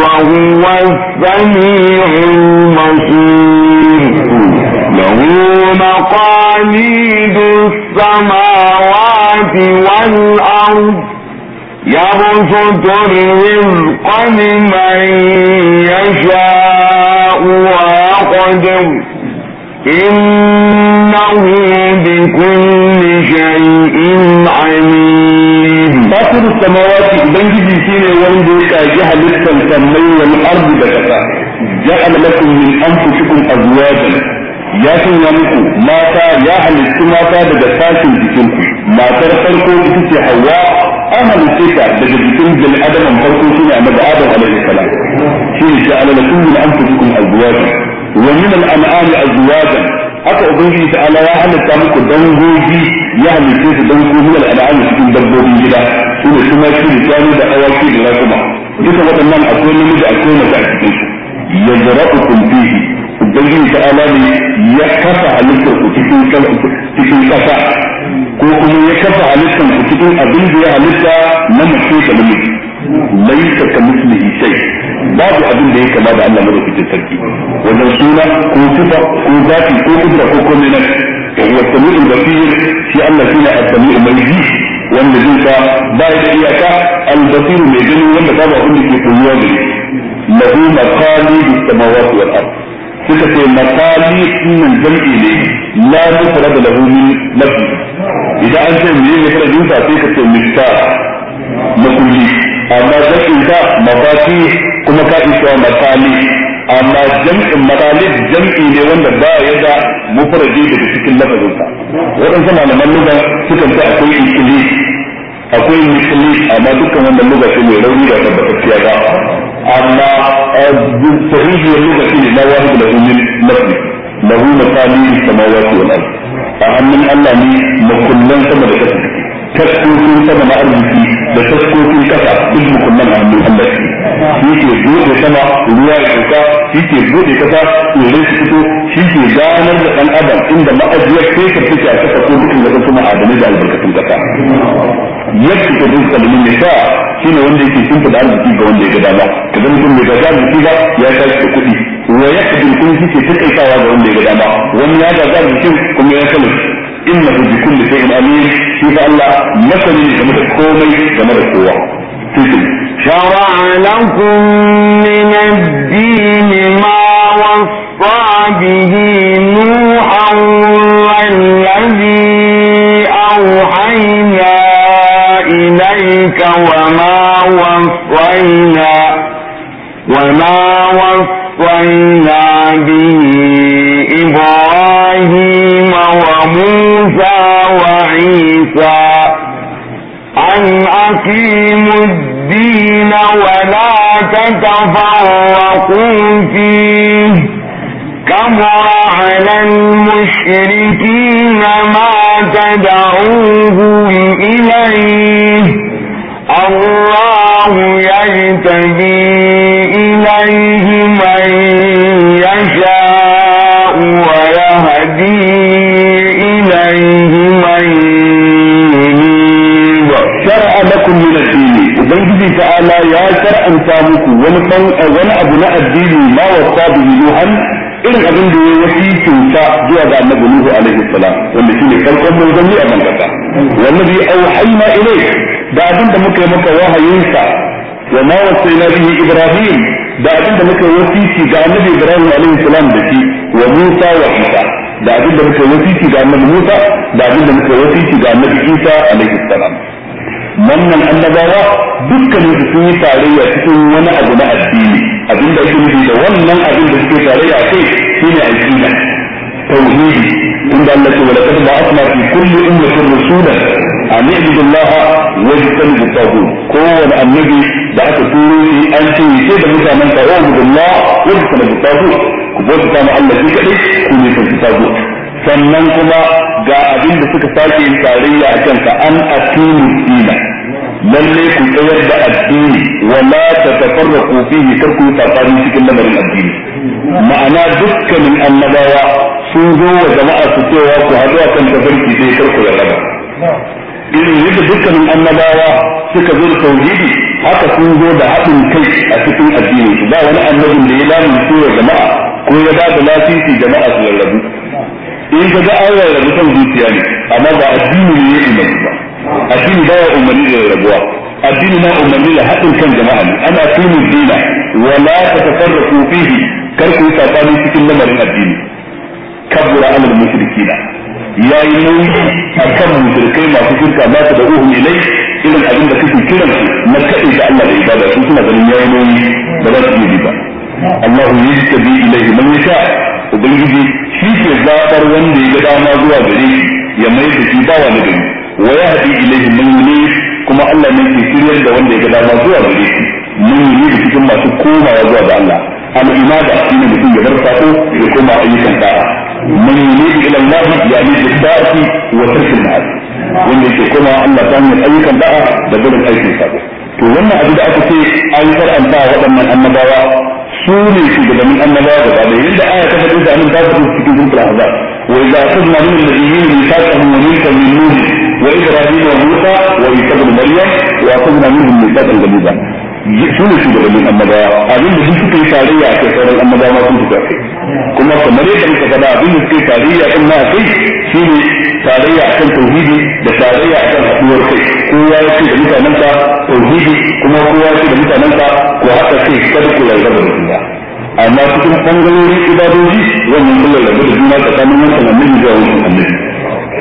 وهو السميع البصير له مقاليد السماوات والأرض يبسط الرزق لمن يشاء ويقدر إنه بكل شيء عليم باطل السماوات بنجي سيني وندو شاجي حلسا سمي والأرض بكتا جعل لكم من أنفسكم أزواجا ya sanya muku mata ya halittu mata daga sashin jikinku matar farko ita ce hawa an halitte ta daga jikin bil adaman farko shine annabi adam alaihi salam shi ne sha'ala lakum min anfusikum azwajan wa min al-an'ami azwajan haka ubangiji ta'ala ya halitta muku dangogi ya halitta su don ku huwal al'ami cikin dabbobin gida su ne kuma shi da shanu da awaki da rakuma duka waɗannan akwai namiji akwai mace a cikin su yazra'ukum fihi ubangiji ta'ala ne ya kafa halittar ku cikin cikin ya kafa ku halitta na babu abin da ya kama da Allah madaukakin sarki wannan suna ko sifa ko zafi ko kudura ko komai nan wa sami'ul basir shi Allah suna as-sami'ul mai wanda zai sa ba ya iyaka albasiru mai gani wanda babu abin da ke koyuwa da shi lahu maqalidu samawati wal ard suka ce maqali sunan jam'i ne la da lahu min lafzi idan an ce me ne fara sai ka ce mista makulli amma zakin ka mafati kuma ka isa matali amma jam'in matali jam'i ne wanda ba ya da mufarji daga cikin lafazinsa waɗansu malaman luga sukan ce akwai ikili akwai misli amma dukkan wannan nuna ce ne rauni da tabbatacciya ba amma eh, sahihi luga ce ne na wahid lahu min lafi lahu matalib samawati wal ard a hannun Allah ne makullan sama da kasa taskokin sama na arziki da taskokin kasa duk mukunnan hannun Allah shi shi ke buɗe sama ruwa ya sauka shi ke buɗe kasa tsirrai su fito shi ke ganar da ɗan adam inda ma'ajiyar sai ka fice a kasa ko dukkan da kuma adami da albarkatun kasa yadda ka rinka da min sa shi ne wanda yake shimfa da arziki ga wanda ya ga dama ka zama mutum mai gasa arziki ba ya tashi da kuɗi wa yadda kadin kun shi ke taƙaitawa ga wanda ya ga dama wani ya gasa arzikin kuma ya kalli innahu bi kulli shay'in alim shi fa Allah masani game da komai game da kowa شرع لكم من الدين ما وصى به نوحا والذي أوحينا إليك وما وصينا وما وصينا به إبراهيم وموسى وعيسى أن أقيموا الدين ولا تتفرقوا فيه كبر على المشركين ما تدعوهم إليه الله يجتبي إليه من ta'ala ya shar'anta muku wani ban wani abu na addini ma wasa bihi Nuhan irin abin da ya wasikin sa zuwa ga Annabi Nuhu alaihi salam wanda shine farkon manzanni a nan kasa wallazi auhayna ilayk da abin da muka yi maka wahayin sa wa ma wasaina bihi Ibrahim da abin da muka yi wasiki ga Annabi Ibrahim alaihi salam da shi wa Musa wa Isa da abin da muka wasiki ga Annabi Musa da abin da muka yi wasiki ga Annabi Isa alaihi salam wannan annabawa dukkanin su sun yi tarayya cikin wani abu na addini abinda ake nufi da wannan abin da suke tarayya kai shine aqida tauhidi inda Allah ce wala kadba asma fi kulli ummatin rasula an ibudu Allah wa yajtanibu tawhid kowane annabi da aka turo shi an ce ce da mutanen ka wa ibudu Allah wa yajtanibu tawhid ku bauta ma Allah shi kadai ku ne ku tawhid sannan kuma ga abin da suka sake yin tarayya a ka an atini dina lalle ku tsayar da addini wa la tatafarraqu fihi kar ku cikin lamarin addini ma'ana dukkanin annabawa sun zo wa jama'a su cewa ku haɗu kan tafarki sai kar ku yarda irin yadda dukkanin annabawa suka zo da tauhidi haka sun zo da haɗin kai a cikin addini ba wani annabin da ya lamunce wa jama'a ko ya ba da lafisi jama'a su rarrabu in ka ga an da kan zuciya ne amma ba addini ne ya umarni ba addini ba ya umarni da rabuwa addini na umarni da haɗin kan jama'a ne ana tunin dina wala ta tafarraku fihi kar ku yi cikin lamarin addini kabura alal mushrikina ya yi nauyi a kan mushrikai masu shirka ba ta da uhun ilai irin abin da kake kiran na kaɗai da Allah da ibada su suna ganin ya yi nauyi ba za su yi ba man yasha ubangiji shi ke zabar wanda ya ga dama zuwa gare shi ya mai da shi bawa na gari wa ya haɗi ilaihi man yunif kuma Allah ne ke shiryar da wanda ya ga dama zuwa gare shi mun yi da cikin masu komawa zuwa ga Allah da shi ne mutum ya bar sako ya koma ayyukan da'a yi yunif ilan Allah ya yi da da'ati wa tarkin na'at wanda yake koma Allah ta hanyar ayyukan da'a da gurin aikin sako to wannan abu da aka ce an karanta waɗannan annabawa su ne shugabannin annabawa gaba da yadda aya ta faɗi da annabawa ta faɗi cikin zurfin ahzab wa idza akhadna min an-nabiyyin mithaqahum wa minkum min nuh wa ibrahim wa musa wa isa ibn maryam wa akhadna minhum mithaqan ghaliza su ne shugabannin annabawa abin da suka yi tarayya ke kai sauran annabawa sun fita kai kuma kamar yadda muka faɗa abin da suke tarayya kan ma kai shi ne tarayya kan tauhidi da tarayya kan haɗuwar kai kowa ya ce da mutanensa tauhidi kuma kowa ya ce da mutanensa ko haka ce kada ku yarda da mutum amma cikin ɓangarorin ibadoji wannan kullum da juna tsakanin wancan annabi zuwa wancan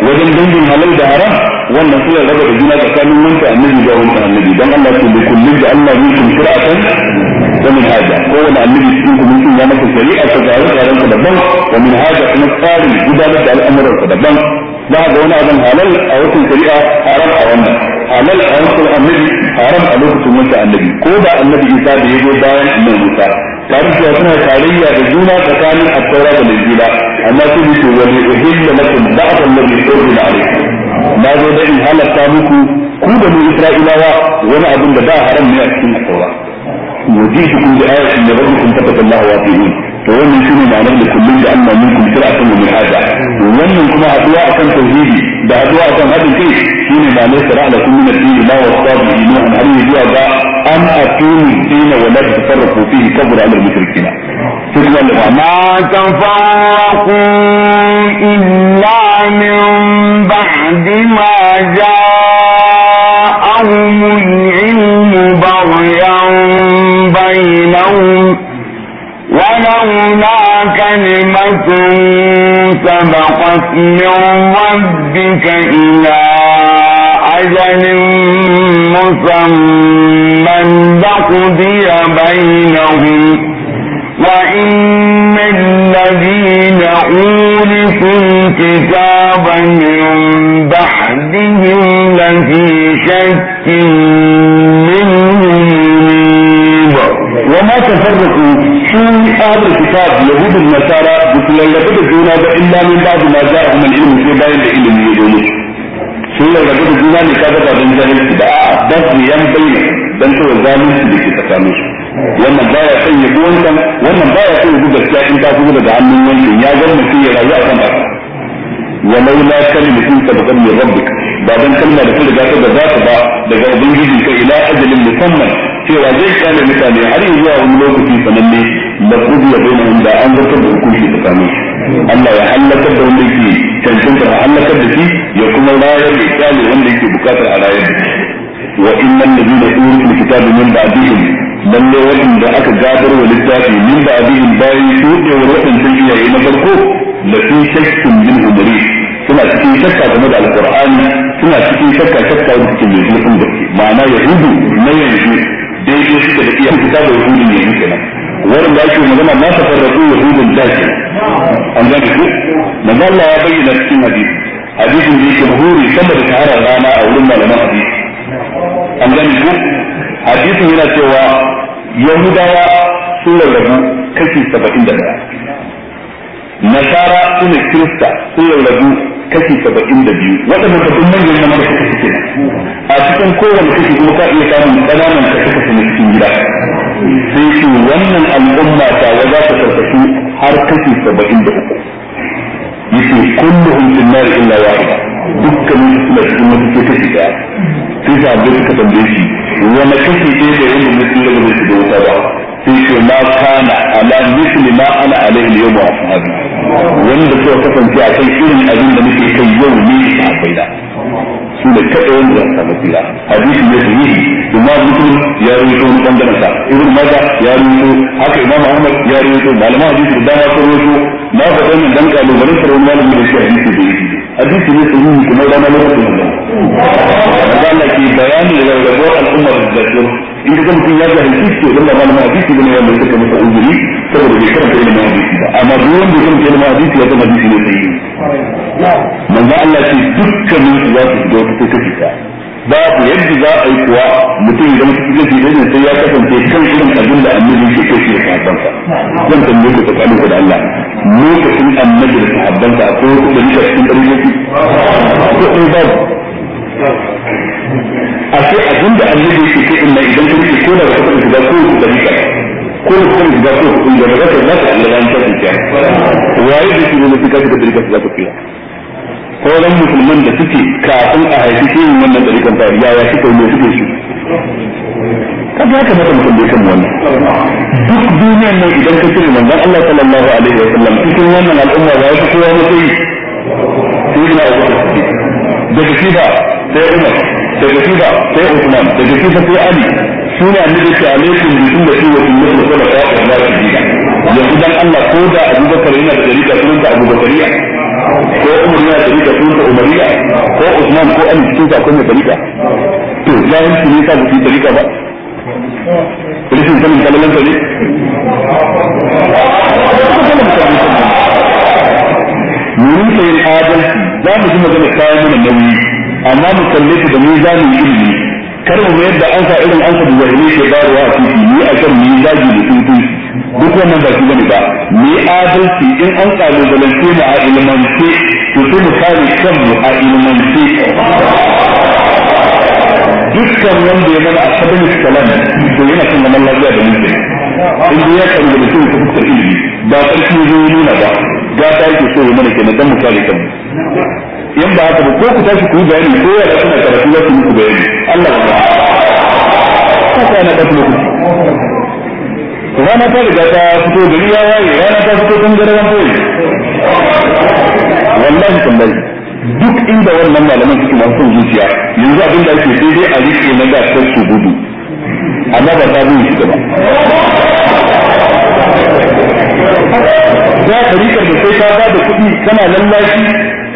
wajen dangin halal da haram wannan suna raba da juna tsakanin wanda annabi da wanda annabi dan Allah ce da kullum da Allah ne kun shir'atan da min hada ko wanda annabi cikin ku mun ya maka shari'a ta tsare tsaren ku daban wa min hada kuma tsari gudanar da al'amuran ku daban za ga wani abin halal a wasu shari'a haram a wannan halal a wasu annabi haram a lokacin wanda annabi ko da annabi Isa da ya zo bayan annabi isa tare da suna tarihiya da juna tsakanin at-taura da injila amma su ne wani uhilla lakum ba'd allazi urida alaykum na zo da in halatta muku ku da mu Isra'ilawa wani abin da haram ne a cikin Taurat yujidukum bi ayatin min rabbikum fattaqullaha wa atiihi to wannan shine ma'anar da kullum da Allah minkum shir'atun mun hada wannan kuma haduwa akan tauhidi da haduwa akan hadin kai shine ma'anar shari'a da kullum da dini ma wa sabi ina an har zuwa ga an atimu dina wa la tafarraqu fihi kabra al mushrikin ما تفرقوا illa min ba. بعد جاءهم العلم بينهم ولولا كلمة سبقت من ربك إلى أجل مسمى لقضي بينهم وإن الذين أوتوا فيكم كتابا من بعدهم لفي شك منه وما تفرقوا شو هذا الكتاب يهود النصارى ان الجنة إلا من بعد ما جاءهم العلم في بين العلم يجوني شو لقى الجنة لكذا بعد الكتاب بس ينبغي بنت وزامن في كتابه wannan baya son ya bi wancan wannan baya son ya bi gaskiya in ta kuma daga hannun wancan ya zama shi ya rayu a kan haka walau la kalimatin sabaqan min rabbika ba dan kalma da kuma gata da zaka ba daga ubangiji ka ila ajalin musamman cewa zai kame mutane har yi zuwa wani lokaci sananne da kudu ya bai nan da an zartar da hukunci tsakanin Allah ya halakar da wanda yake cancanta ya halakar da shi ya kuma rayar da kyale wanda yake bukatar a rayar da shi wa innal ladina utul kitaba min ba'dihim lalle waɗanda aka gabar wa littafi min ba abin bayan shuɗewar waɗancan iyaye na farko la fi shakkin min umari suna cikin shakka game da alqur'ani suna cikin shakka shakka da cikin mai zurfin gaske ma'ana yahudu na yanzu daidai suka da iya kitabu yahudu ne yanzu kenan waɗanda ake magana ma ta farrafu yahudun da ke an gane su manzo ya bayyana cikin hadisi hadisin da yake mahuri sama da shahara rana a wurin malaman hadisi an gane su hadisin yana cewa yahudawa sun rarrabu kashi saba'in da daya nasara sun kirista sun rarrabu kashi saba'in da biyu waɗanda sabbin manyan na marasa kashi kenan a cikin kowane kashi kuma ka iya samun ƙananan kashi kashi na cikin gida sai su wannan al'umma ta za ta karkashi har kashi saba'in da uku yace kulluhum fil nar illa wahid dukkan suna cikin wata ce kashi daya sai sa abin suka tambaye shi wani kashi ɗaya da yin mutum da ba zai wuta ba sai ce ma kana ala misli ma ana alaihi yau ba wanda suka kasance a kai irin abin da muke kai yau ne sahabbai da su ne kada wanda za samu hadisi ne yi imam muslim ya sa ibn maja ya rubuto haka imam ahmad ya rubuto malaman hadisi da dama sun rubuto na faɗa dan kalubalen wani malami da shi hadisi da hadisi ne su yi kuma dama lokacin da Allah ke bayani da rarrabuwar cikin maganganu in ka mutum ya ga hadisi to dan malamin hadisi ne ya mai kuma masa uzuri saboda bai karanta ilimin hadisi ba amma duk wanda ya karanta ilimin hadisi ya zama hadisi ne sai manzo Allah ce dukkanin su su fito ta kafi ta babu yadda za a yi kuwa mutum idan su fito shi dai sai ya kasance kan irin abin da annabi ke kai shi da sahabbansa zan tambaye ku tsakanin ku da Allah lokacin annabi da sahabbansa akwai wata da cikin ɗarin yake ko in babu a sai abin da annabi ke ce inna idan kun ce ko da ba ku shiga ku da nika ko ku kun shiga ko ku da ba ka zaka Allah ran ta kike waye da shi ne kika da dirka za ku kira sauran musulman da suke kafin a haifi shi wannan darikan ta yaya suka yi suke shi kaga haka mata mutum da kan wannan duk duniyar nan idan ka cire manzon Allah sallallahu alaihi wa sallam cikin wannan al'umma ya fi kowa mutai sai na abu daga shi ba sai Umar daga shi sai Uthman daga shi sai Ali suna annabi ta alaikum bi sunnati wa sunnati khulafa'ir rashidin yanzu dan Allah ko da Abu Bakar yana da dalika sunan ta Abu Bakariya ko Umar yana da dalika sunan ta Umariya ko Uthman ko Ali sunan ta kuma dalika to yayin su ne ta bi dalika ba rashin sanin kalalan ta ne rinka yin adalci za mu ji magana kayan mana nauyi amma mu kalle su da mizanin ilimi kar mu mayar da ansa irin ansa da wahili ke bayarwa a titi ni a kan ni zagi da tutu duk wannan ba shi bane ba ni adalci in an kalubalance mu a ilmance to sai mu kare kanmu a ilimance dukkan wanda ya zama a sabon salam to yana kan zaman lafiya da mutum in ya kan da mutum ta fuskar ilimi ba karfi zai yi nuna ba ga ta yake so ya mana kenan dan misali kan yan ba haka ba ko ku tashi ku yi bayani ko ya rasu na karatu za su muku bayani Allah ya ba ta na ɗafi lokaci rana ta riga ta fito gari ya waye rana ta fito tun garawan boye wallahi tambayi duk inda wannan malaman suke masu son zuciya yanzu abin da ake sai dai a rike na da kan su gudu amma ba ta bin shi ba ka rike da sai ka ba da kuɗi kana lallashi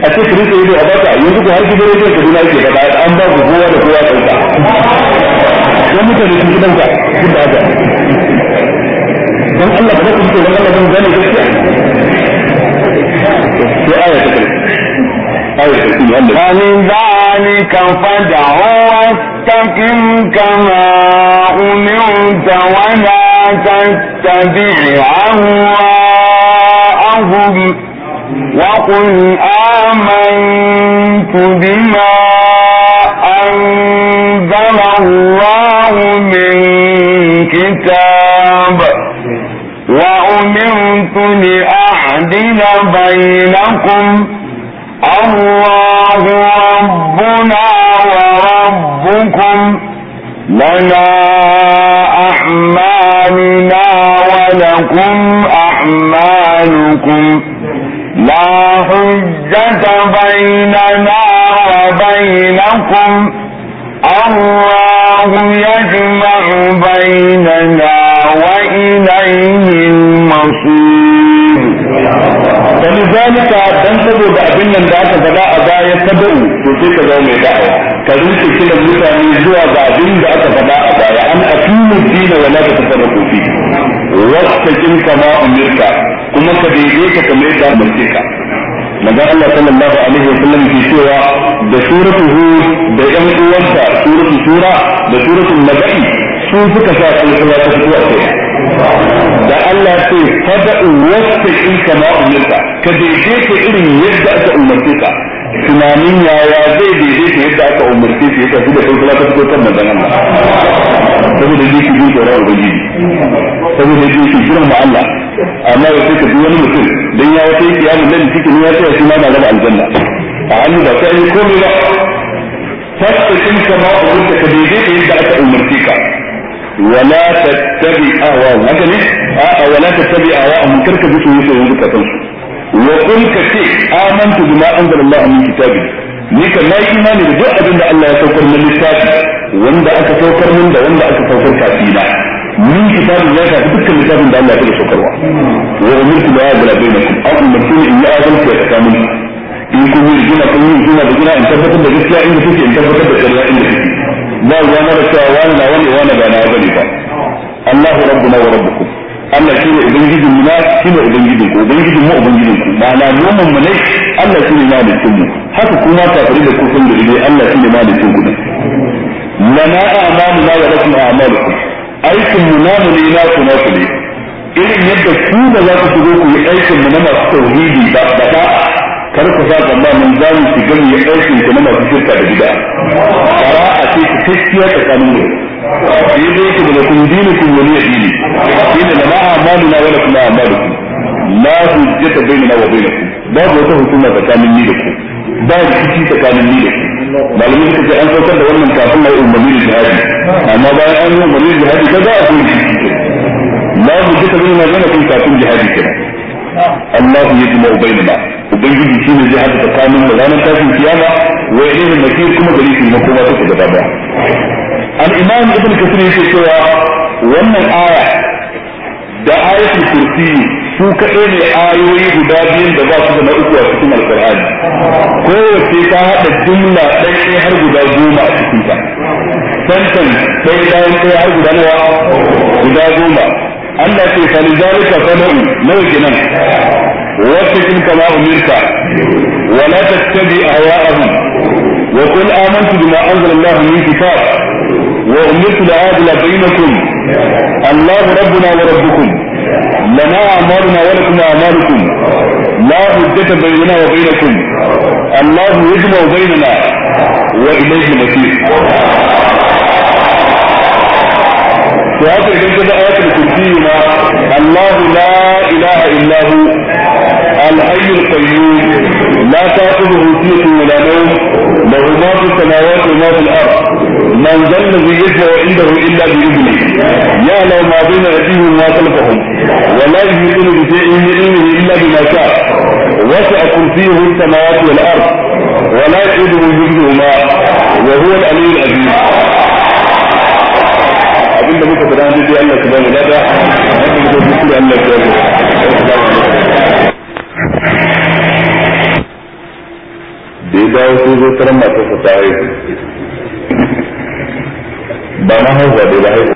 a ce ka rike ido a baka yanzu ko har gidan rediyo ka duna ke gaba an ba ku kowa da kowa ɗauka don mutane sun gidan ka duk da haka don Allah ba za ku fito don Allah zai gane gaskiya sai aya ta karfi فلذلك فدع واستقم كما أمرت ولا تتبع أهواءهم وقل آمنت بما أنزل الله من كتاب وأمرت لأعدل بينكم الله ربنا وربكم لنا أعمالنا ولكم أعمالكم لا حجة بيننا وبينكم الله يجمع بيننا وإليه المصير wani zalika dan saboda abin nan da aka faɗa a baya sabau to sai ka zama mai da'awa ka rinke kiran mutane zuwa ga abin da aka faɗa a baya an aqimu dina wala la tafarraqu fi wastaqim kama umirta kuma ka daidaita kamar yadda umarce ka manzon Allah sallallahu alaihi wa sallam ke cewa da suratul hud da yan uwanta suratul sura da suratul nabi su suka sa alƙur'ani ta fito a kai da Allah ce fada wasta in kama umarta ka daidaita irin yadda aka umarce ka tunanin yaya zai daidaita yadda aka umarce shi yadda su da kai kula ka fito kan manzon Allah saboda yake jin tsoron ubangiji saboda yake jin girma Allah amma ya ce ka ji wani mutum dan ya wata yake ya mun cikin ya ce shi ma na raba aljanna a hannu ba sai komai ba fasta in kama umarta ka daidaita yadda aka umarce ka wala tattabi ahwa haka ne a wala tattabi ahwa mun karka bi su sai yanzu kafin su wa kun ka ce amantu bima anzalallahu min kitabi ni kan na imani da duk abin Allah ya saukar na littafi wanda aka saukar min da wanda aka saukar kafina min kitabin ya shafi dukkan littafin da Allah ya taɓa saukarwa wa umirtu da ya bula bainakum an umartu ni in yi adalci a tsakanin in tabbatar da tabbatar da Allah rabbuna wa mu na shi ne ubangijin ku ubangijin mu ubangijin ku ma'ana noman mu ne Allah shi ne malikin mu haka kuma kafiri da kufin da dai Allah shi ne malikin ku ne lana a'malu la wa lakum a'malukum aikin mu namu ne na ku na ne irin yadda ku da za ku shigo ku yi aikin mu na masu tauhidi ba ba ta mu shiga mu yi na masu shirka da fara ce ku tsakanin يديكم لكم دينكم ولي ديني قيل لنا أعمالنا ولكم أعمالكم لا حجة بيننا وبينكم babu wata hukuma tsakanin ni da ku ba rikici tsakanin ni da ku malamai suka ce an saukar da wannan kafin mai umarni da jihadi amma bayan an yi umarni da jihadi ka za a kun rikici babu duka bai na zana kun kafin jihadi kenan Allah ya jima ubainana ubangiji shi ne tsakanin mu ranar tashin kiyama wa ya kuma gari su yi makoma ta gaba ba. al-imam ibn kasir yake cewa wannan aya da ayatul kursi su kaɗai ne ayoyi guda biyun da za su zama uku a cikin alkur'ani kowace ta hada jumla ɗaya har guda goma a cikin ta tantan ɗaya bayan ɗaya har guda nawa guda goma Allah ce falizalika sana'u nawa kenan واتقن كما امرت ولا تتبع اهواءهم وقل امنت بما انزل الله من كتاب وأمرت لأعدل بينكم الله ربنا وربكم لنا أعمالنا ولكم أعمالكم لا حجة بيننا وبينكم الله يجمع بيننا وإليه المسيح في هذا الجزء آية الكرسي الله لا إله إلا هو الحي القيوم لا تأخذه سنة ولا نوم له ما في السماوات وما في الأرض من ذا الذي يشفع عنده إلا بإذنه يعلم ما بين أيديهم وما خلفهم ولا يحيطون بشيء من علمه إلا بما شاء وسع كرسيه السماوات والأرض ولا يعيده جبرهما وهو الأمير العزيز abin da muka faɗa dai Allah subhanahu wa ta'ala da kuma da Allah ya बेजा उसी जो कर्म अथ होता है बना होगा है